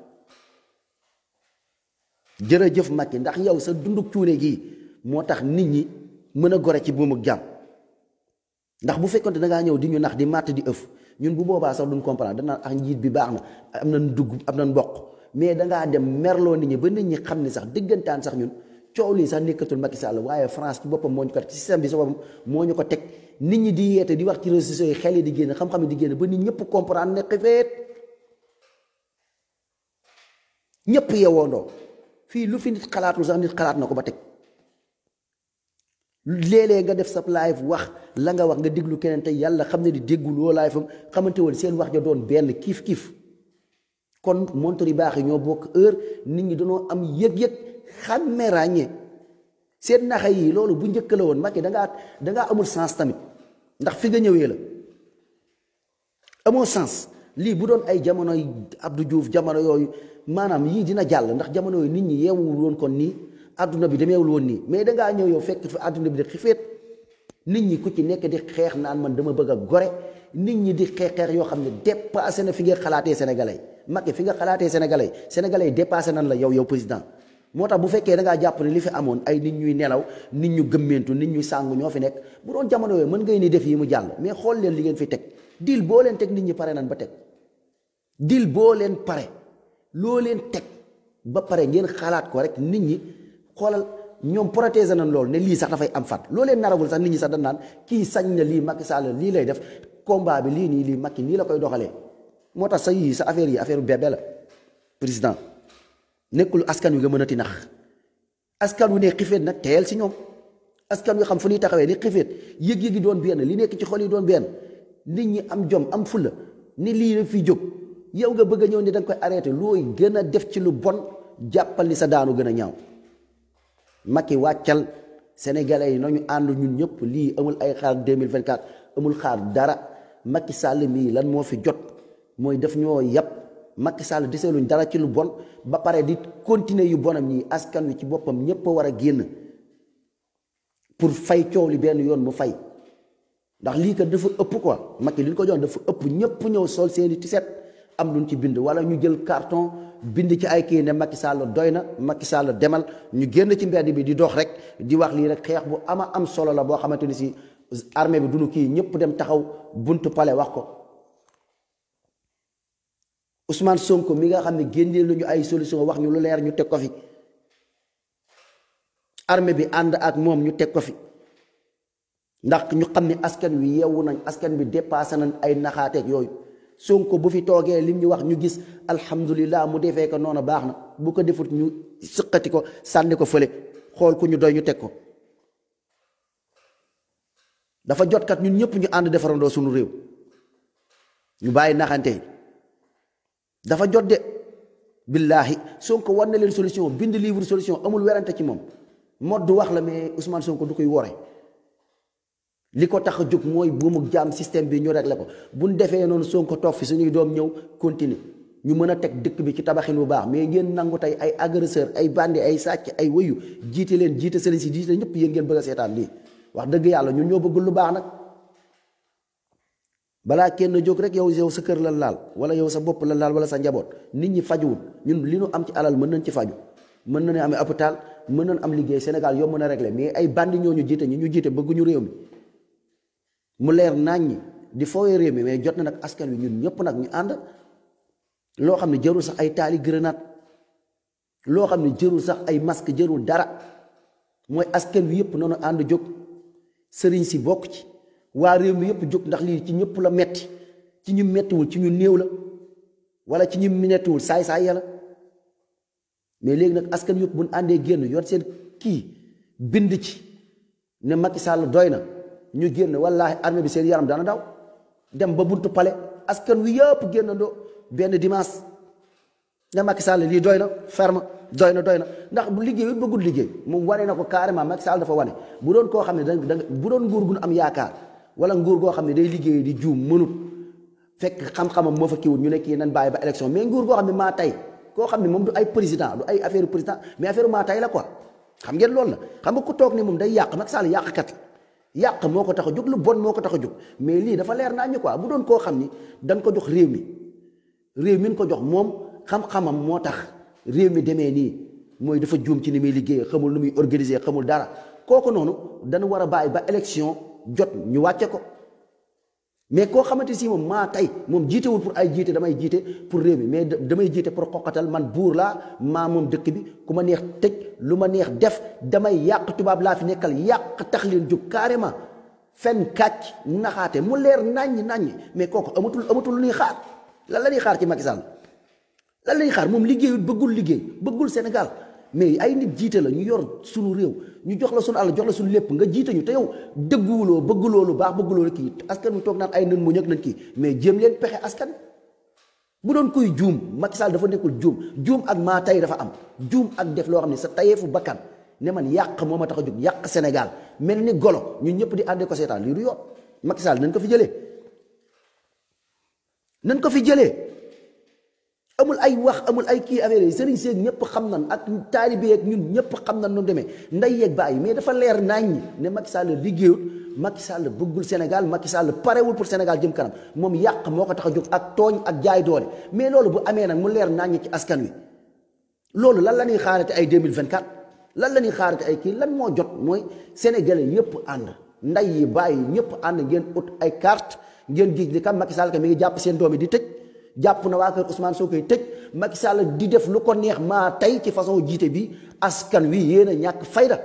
jërëjëf Macky ndax yow sa dunduk cuune gii moo tax nit ñi mën a gore ci buum ak jàmm ndax bu fekkonte da ngaa ñëw di ñu nax di matt di ëf ñun bu boobaa sax duñ comprendre danaa ak ah, njiit bi baax na am na dugg am na mboq mais dangaa dem merloo nit ñi ba nit ñi xam ne sax diggantaan sax ñun coow lii sax nekkatul Macky Sall waaye France ci boppam moo ñu ko ci système bi sa boppam moo ñu ko teg nit ñi di yeete di wax ci réseaux sociaux yi xel yi di génn xam di génn ba nit ñëpp comprendre ne xifeet ñëpp yewoondoo fii lu fi nit xalaatul sax nit xalaat na ko ba teg léeg nga def sa live wax la nga wax nga déglu keneen te yàlla xam ne di dégguloo live am xamante woon seen wax ja doon benn kiif kiif kon montre yu baax yi ñoo bokk heure nit ñi dañoo am yëg-yëg xàmme ràññee seen naxa yi loolu bu njëkk la woon Macky dangaa dangaa amul sens tamit ndax fi nga ñëwee la amoo sens lii bu doon ay jamonoy Abdou juuf jamono yooyu maanaam yii dina jàll ndax jamono yooyu nit ñi yeewul woon kon nii àdduna bi demeewul woon nii mais dangaa ñëw yow fekk fi adduna bi de xifeet nit ñi ku ci nekk di xeex naan man dama bëgg a gore nit ñi di xeex xeex yoo xam ne dépassé na fi nga xalaatee sénégalais Macky fi nga xalaatee sénégalais sénégalais dépassé nan la yow yow président moo tax bu fekkee dangaa jàpp ne li fi amoon ay nit ñuy nelaw nit ñu gëmmeentu nit ñu sàngu ñoo fi nekk bu doon jamono yooyu mën ngay ni def yi mu jàll mais xool leen li ngeen fi teg dil boo teg nit ñi pare nan ba teg dil boo leen pare loo leen teg ba pare ngeen xalaat ko rek nit ñi xoolal ñoom protéger nañ loolu ne lii sax dafay am fat looleen leen naragul sax nit ñi sax dañ naan kii sañ lii Macky Sall lii lay def combat bi lii nii lii Macky nii la koy doxalee moo tax sa yii sa affaire yi affaire bébé la président nekkul askan wi nga mën a ti nax askan wi ne xifeet nag teel si ñoom askan wi xam fu ñuy taxawee ni xifeet yëg-yëg yi doon benn li nekk ci xol yi doon benn nit ñi am jom am fulla ni lii fiy jóg yow nga bëgg a ñëw ni danga koy arrêté looy gën a def ci lu bon jàppal ni sa daanu gën a ñaaw Macky wàccal senegale yi nañu ànd ñun ñëpp lii amul ay xaar 2024 amul xaar dara makki sàll mii lan moo fi jot mooy def ñoo yàpp Macky Sall deseeluñ dara ci lu bon ba pare di continuer yu bonam ñi askan wi ci boppam ñëpp a war a génn pour fay coow li benn yoon mu fay ndax lii kat dafa ëpp quoi Macky li ñu ko jox dafa ëpp ñëpp ñëw sol seeni tiset am luñ ci bind wala ñu jël carton bind ci ay kii ne Macky Sall doy na Macky Sall demal ñu génn ci mbedd bi di dox rek di wax lii rek xeex bu ama am solo la boo xamante ni si armée bi duñu kii ñëpp dem taxaw buntu pale wax ko Ousmane Sonko mi nga xam ne génneel nañu ay solution wax ñu lu leer ñu teg ko fi armée bi ànd ak moom ñu teg ko fi ndax ñu xam ne askan wi yeewu nañ askan bi dépassé na ay naxaateeg yooyu ko bu fi toogee li ñu wax ñu gis alhamdulilah mu defee ko noonu baax na bu ko defut ñu sëqati ko sànni ko fële xool ku ñu doy ñu teg ko dafa jot kat ñun ñëpp ñu ànd defarandoo suñu réew ñu bàyyi naxante dafa jot de billaahi Sonko war na leen solution bind livre solution amul werante ci moom mod du wax la mais Ousmane Sonko du koy wore li ko tax a jóg mooy buumu ak jaam système bi ñu réglé ko bu ñu defee noonu Sonko toog fi ñuy doom ñëw continue ñu mën a teg dëkk bi ci tabaxin bu baax mais ngeen nangu tey ay agresseur ay bandi ay sàcc ay wëyu jiite leen jiite sëriñ si jiite ñëpp yéen ngeen bëgg seetaan lii wax dëgg yàlla ñun ñoo bëgg lu baax nag balaa kenn jóg rek yow yow sa kër la laal wala yow sa bopp la laal wala sa njaboot nit ñi fajuwul ñun li ñu am ci alal mën nañ ci faju mën nañu amee hôpital mën nañ am liggéey Sénégal yomb na réglé mais ay bandi ñooñu jiite ñi ñu jiite bëgguñu réew mu leer naññi di fooyee réew mi mais jot na nag askan wi ñun ñëpp nag ñu ànd loo xam ne jarul sax ay taali grenade loo xam ne jarul sax ay masque jërul dara mooy askan wi yëpp nu ànd jóg sëriñ si bokk ci waa réew mi yëpp jóg ndax lii ci ñëpp la metti ci ñu mettiwul ci ñu néew la wala ci ñu mettiwul saay-saay yàlla mais léegi nag askan yëpp bu ñu àndee génn yoon seen kii bind ci ne Macky Sall doy na ñu génn wallahi armée bi seen yaram dana daw dem ba buntu palé askan wi yépp génnandoo benn dimanche ne Macky Sall li doyna ferme doyna na ndax bu liggéeyul bëggul liggéey mu wané na carrément Macky Sall dafa wané bu doon ko xamné da bu doon nguur gu am yaakaar wala nguur go xamné day liggéey di juum mënut fekk xam xam mo fa kiwut ñu nekk nan bàyyi ba élection mais nguur go xamné ma tay ko xamné mom du ay président du ay affaire président mais affaire ma tay la quoi xam ngeen lool la xam nga ku toog ne day yaq Macky Sall la yàq moo ko tax a jóg lu bon moo ko tax a jóg mais lii dafa leer naa ñu quoi bu doon koo xam ni dañ ko jox réew mi réew min ko jox moom xam-xamam moo tax réew mi demee nii mooy dafa juum ci ni muy liggéey xamul nu muy organiser xamul dara kooku noonu danu war a bàyyi ba élection jot ñu wàcce ko. mais koo xamante si moom maa tey moom jiitewul pour ay jiite damay jiite pour réew mi mais damay jiite pour xoqatal man buur laa maa moom dëkk bi ku ma neex tëj lu ma neex def damay yàq tubaab laa fi nekkal yàq tax leen jóg carrément fen kàcc naxaate mu leer naññ naññ mais kooku amatul amatul lu ñuy xaar lan la ñuy xaar ci Macky Sall la ñuy xaar moom liggéeyul bëggul liggéey bëggul Sénégal mais ay nit jiite la ñu yor suñu réew ñu jox la suñu àll jox la suñu lépp nga jiite ñu te yow dëgguwuloo bëgg loolu baax bëgg loolu kii askan wi toog naan ay nan mu ñëkk nan kii mais jéem leen pexe askan bu doon koy juum Macky Sall dafa nekkul juum juum ak maa tay dafa am juum ak def loo xam ne sa tayeefu bakkan ne man yàq moo ma tax a jóg yàq Sénégal mel ni golo ñu ñëpp di àndee ko seetaan lii du yoon Macky Sall nañ ko fi jëlee nañ ko fi jëlee amul ay wax amul ay kii affaire yi sëriñ seeg ñëpp xam na ak taalibe yeeg ñun ñëpp xam nan nu demee nday yeeg bàyyi mais dafa leer naññi ne Macky Sall liggéeyut Macky Sall bëggul Sénégal Macky Sall parewul pour Sénégal jëm kanam moom yàq moo ko tax a jóg ak tooñ ak jaay doole mais loolu bu amee nag mu leer naññi ci askan wi loolu lan la ñuy xaarate ay 2024 lan la ñuy xaarate ay kii lan moo jot mooy sénégalais yëpp ànd nday yi bàyyi ñëpp ànd ngeen ut ay carte ngeen gis ni kam Macky Sall ka mi ngi jàpp seen doom yi di tëj jàpp na waa kër Ousmane soo koy tëj Macky Sall di def lu ko neex maa tey ci façon jiite bi askan wi yéen a ñàkk fayda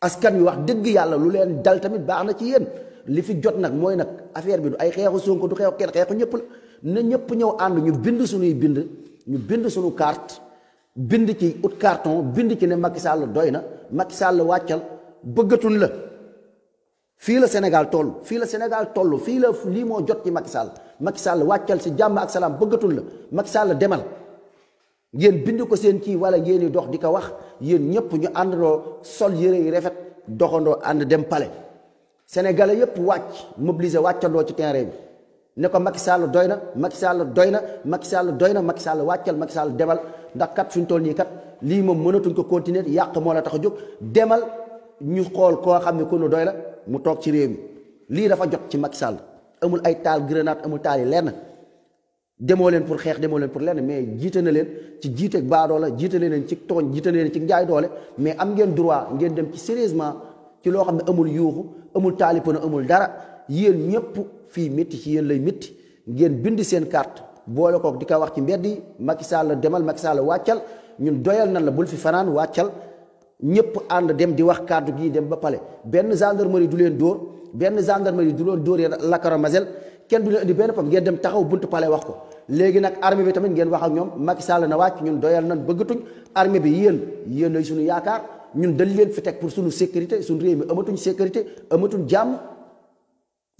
askan wi wax dëgg yàlla lu leen dal tamit baax na ci yéen li fi jot nag mooy nag affaire bi du ay xeexu Sonko du xeexu kenn xeexu ñëpp la na ñëpp ñëw ànd ñu bind suñuy bind ñu bind suñu carte bind ci ut carton bind ci ne Macky Sall doy na Macky Sall wàccal bëggatul la fii la Sénégal toll fii la Sénégal toll fii la lii moo jot ci Macky Sall Macky Sall wàccal si jàmm ak salaam bëggatul la Macky Sall demal ngeen bind ko seen kii wala ngeen dox di ko wax yéen ñëpp ñu àndandoo sol yére yi rafet doxandoo ànd dem pale Sénégalais yëpp wàcc mobiliser wàccandoo ci terrain bi ne ko Macky Sall doy na Macky Sall doy na Macky Sall doy na Macky Sall wàccal Macky Sall demal ndax kat fi ñu nii kat lii moom mënatuñ ko continuer yàq moo la tax a jóg demal ñu xool koo xam ne ku nu doy la. mu toog ci réew mi lii dafa jot ci Macky Sall amul ay taal grenade amul taal yi lenn demoo leen pour xeex demoo leen pour lenn mais jiite na leen ci jiite baadoola la jiite leen ci tooñ jiite leen ci njaay doole mais am ngeen droit ngeen dem ci sérieusement ci loo xam ne amul yuuxu amul taalipana amul dara yéen ñëpp fii métti ci yéen lay métti ngeen bind seen carte boole kook di ko wax ci mbedd yi Macky Sall demal Macky Sall wàccal ñun doyal nan la bul fi fanaan wàccal ñëpp ànd dem di wax kàddu gii dem ba pale benn gendarmerie du leen dóor benn gendarmerie du leen dóor yéen lacrymogène kenn du leen indi benn pam ngeen dem taxaw bunt pale wax ko léegi nag armée bi tamit ngeen wax ak ñoom Macky Sall na wàcc ñun doyal nañ bëggatuñ armée bi yéen yéen lay suñu yaakaar ñun dañ leen fi teg pour suñu sécurité suñu réew mi amatuñ sécurité amatuñ jàmm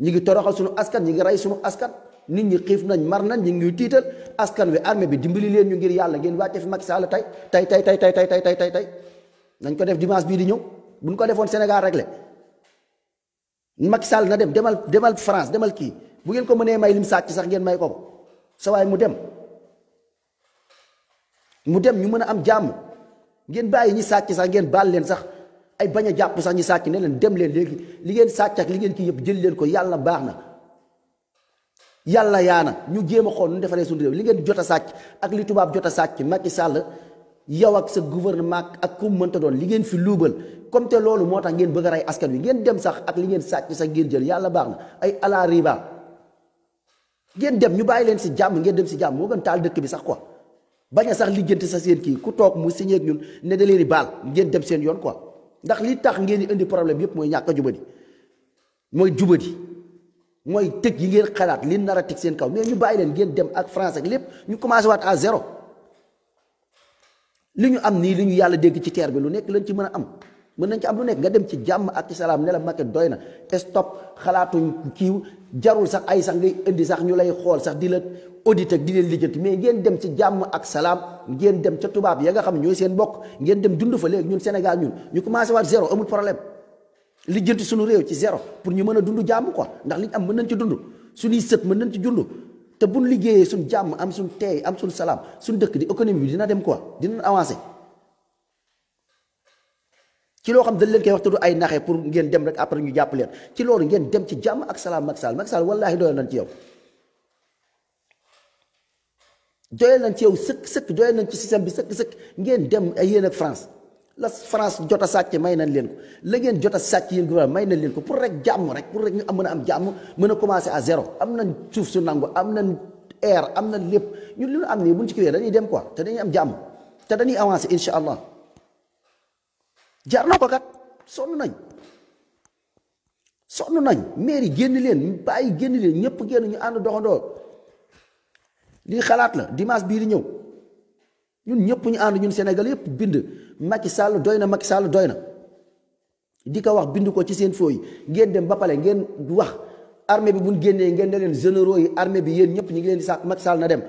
ñi ngi toroxal suñu askan ñi ngi rey suñu askan nit ñi xiif nañ mar nañ ñi ngi tiital askan wi armée bi dimbali leen ñu ngir yàlla ngeen wàcce fi Macky Sall tey tey tey tey tey tey tey tey tey nañ ko def dimanche bii di ñëw bu ñu ko defoon Sénégal réglé Macky sàll na dem demal demal France demal kii bu ngeen ko mënee may lim sàcc sax ngeen may ko ko sa waaye mu dem mu dem ñu mën a am jàmm ngeen bàyyi ñi sàcc sax ngeen baal leen sax ay bañ a jàpp sax ñi sàcc ne leen dem leen léegi li ngeen sàcc ak li ngeen kii yëpp jël leen ko yàlla baax na yàlla yaa na ñu jéem a xool nu defaree suñu réew li ngeen jot a sàcc ak li tubaab jot a mag Macky Sall yow ak sa gouvernement ak ku mënta doon li ngeen fi luubal comme te loolu moo tax ngeen bëgg ray askan wi ngeen dem sax ak li ngeen sàcc sax ngeen jël yàlla baax na ay ala riba ngeen dem ñu bàyyi leen si jàmm ngeen dem si jàmm moo gën taal dëkk bi sax quoi bañ a sax lijjanti sa seen kii ku toog mu signé ak ñun ne da leen di baal ngeen dem seen yoon ko ndax li tax ngeen di indi problème yëpp mooy ñàkk a di mooy jubadi mooy tëj yi ngeen xalaat li nar a teg seen kaw ñu bàyyi leen ngeen dem ak France lépp ñu commencé waat à zéro. li ñu am nii li ñu yàlla dégg ci teer bi lu nekk lañ ci mën a am mën nañ ci am lu nekk nga dem ci jàmm ak salaam ne la doy na stop xalaatuñ kii jarul sax ay sax ngay indi sax ñu lay xool sax di la audit di leen lijjanti mais ngeen dem ci jàmm ak salaam ngeen dem ca tubaab ya nga xam ñooy seen mbokk ngeen dem dund fa léegi ñun Sénégal ñun ñu commencé waat zéro amul problème lijjanti suñu réew ci zéro pour ñu mën a dund jàmm ko ndax liñ am mën nañ ci dund suñuy sët mën nañ ci dund te bu liggéeyee suñ jàmm am suñ teey am suñ salaam suñ dëkk di économie bi dina dem quoi dina avancé ci loo xam dañ leen koy wax te du ay naxe pour ngeen dem rek après ñu jàpp leen ci loolu ngeen dem ci jàmm ak salaam Macky Sall Macky Sall wallaahi doyal nañ ci yow. doyal nañ ci yow sëkk sëkk doyal nañ ci système bi sëkk sëkk ngeen dem ay yéen ak France. la France jot a sàcc may nañ leen ko la ngeen jot a sàcc yéen gouvernement may nañ leen ko pour rek jàmm rek pour rek ñu am mën a am jàmm mën a commencer à zéro am nañ suuf su nangu am nañ air am nañ lépp ñun li am nii buñ ci créé dañuy dem quoi te dañuy am jàmm te dañuy avancer incha allah jar na ko kat sonn nañ sonn nañ maire yi génn leen bàyyi génn leen ñëpp génn ñu ànd doxandoo lii xalaat la dimanche bii di ñëw. ñun ñëpp ñu ànd ñun Sénégal yëpp bind Macky Sall doy na Macky Sall doy na di ko wax bind ko ci seen fooy ngeen dem ba pare ngeen wax armee bi bu ñu génnee ngeen ne leen généraux yi armée bi yéen ñëpp ñu ngi leen di sàkk Macky Sall na dem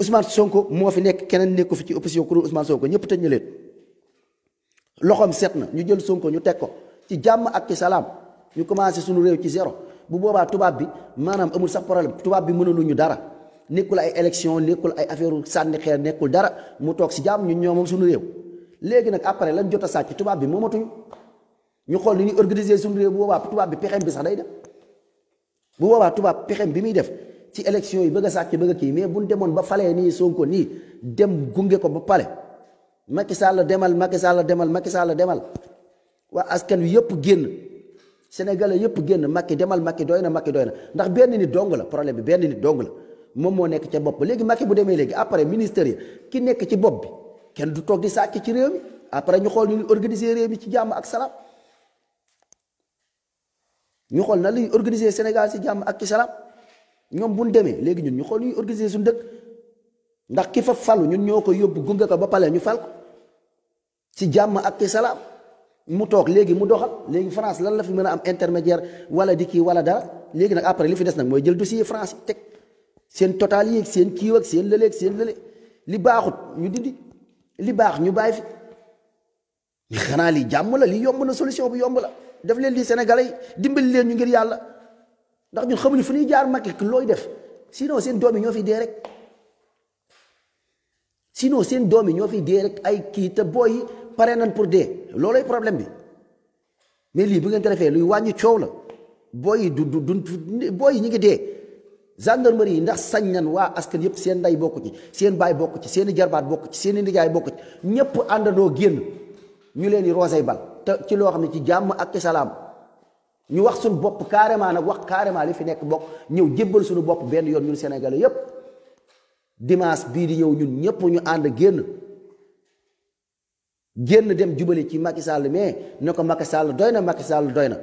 Ousmane Sonko moo fi nekk keneen nekku fi ci opposition kuréel Ousmane Sonko ñëpp tëj na leen loxoom set na ñu jël Sonko ñu teg ko ci jàmm ak ci salaam ñu commencé suñu réew ci zéro bu boobaa tubaab bi maanaam amul sax problème tubaab bi mënaluñu dara. nekkul ay élection nekkul ay affaire sànni xeer nekkul dara mu toog si jàmm ñun ñoo moom suñu réew léegi nag après lañ jot a sàcc tubaab bi moomatuñu ñu xool ni ñuy organiser suñu réew bu boobaa tubaab bi pexem bi sax day def bu boobaa tubaab pexem bi muy def ci élection yi bëgg a sàcc bëgg a kii mais bu ñu demoon ba falee nii Sonko nii dem gunge ko ba pale Macky Sall demal Macky Sall demal Macky Sall demal waa askan wi yëpp génn Sénégalais yëpp génn Macky demal Macky doy na Macky doy na ndax benn dong la problème bi benn dong la. moom moo nekk ca bopp léegi Macky bu demee léegi après ministère yi ki nekk ci bopp bi kenn du toog di sàcc ci réew mi après ñu xool ñu organiser réew mi ci jàmm ak salaam ñu xool na luy organiser Sénégal ci jàmm ak ci salaam ñoom bu ñu demee léegi ñun ñu xool ñuy organiser suñu dëkk ndax ki fa falu ñun ñoo ko yóbbu gunge ko ba pale ñu fal ko ci jàmm ak ci salaam mu toog léegi mu doxal léegi France lan la fi mën a am intermédiaire wala di kii wala dara léegi nag après li fi des nag mooy jël dossier France teg. sen total ak sen ki ak sen lele li baxut ñu dindi li bax ñu bay fi la li yomb na solution bu yomb la def leen li Sénégalais leen ñu ngir yàlla ndax ñun xamuñu fu ñuy jaar makki looy def sinon seen doom yi ñoo dee rek sinon seen doom yi ñoo rek ay kii te yi pare pour dee problème bi mais lii bu ngeen defee luy wàññi coow la boy du du du boy ngi gendarmerie yi ndax sañ nan waa askan yëpp seen nday bokku ci seen baay bokk ci seen jarbaat bokku ci seen i bokk bokku ci ñëpp àndandoo génn ñu leen di roosey bal te ci loo xam ne ci jàmm ak ci ñu wax suñu bopp carrément nag wax carrément li fi nekk bokk ñëw jébbal suñu bopp benn yoon ñun sénégalais yëpp dimanche bii di ñëw ñun ñëpp ñu ànd génn génn dem jubale ci Macky Sall mais ne ko Macky doy na Macky Sall doy na.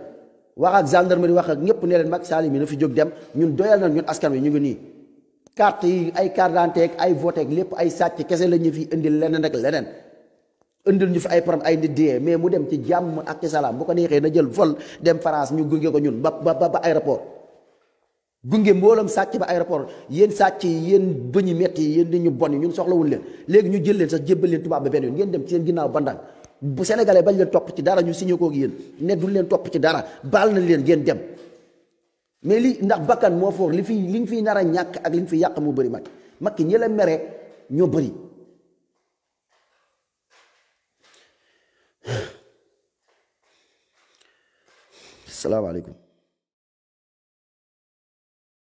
wax ak gendarmerie wax ak ñëpp ne leen Macky Sall mi na fi jóg dem ñun doyal na ñun askan wi ñu ngi nii carte yi ay carte ay voteeg lépp ay sàcc kese la ñu fi indil leneen ak leneen indil ñu fi ay problème ay nit dee mais mu dem ci jàmm ak ci salaam bu ko neexee na jël vol dem France ñu gunge ko ñun ba ba ba aéroport gunge mbooloom sàcc ba aéroport yéen sàcc yi yéen bëñi metti yi yéen nit ñu bon yi ñun soxlawul leen léegi ñu jël leen sax jébbal leen ba benn yoon ngeen ci seen ginnaaw bandang bu senegalee bañ leen topp ci dara ñu signé koog yéen ne duñ leen topp ci dara baal nañ leen ngeen dem mais li ndax bakkan moo foor li fi li ñu fiy nar a ñàkk ak li ñu fiy yàq mu bëri Macky Macky ñi la mere ñoo bëri <sighs> salaamaaleykum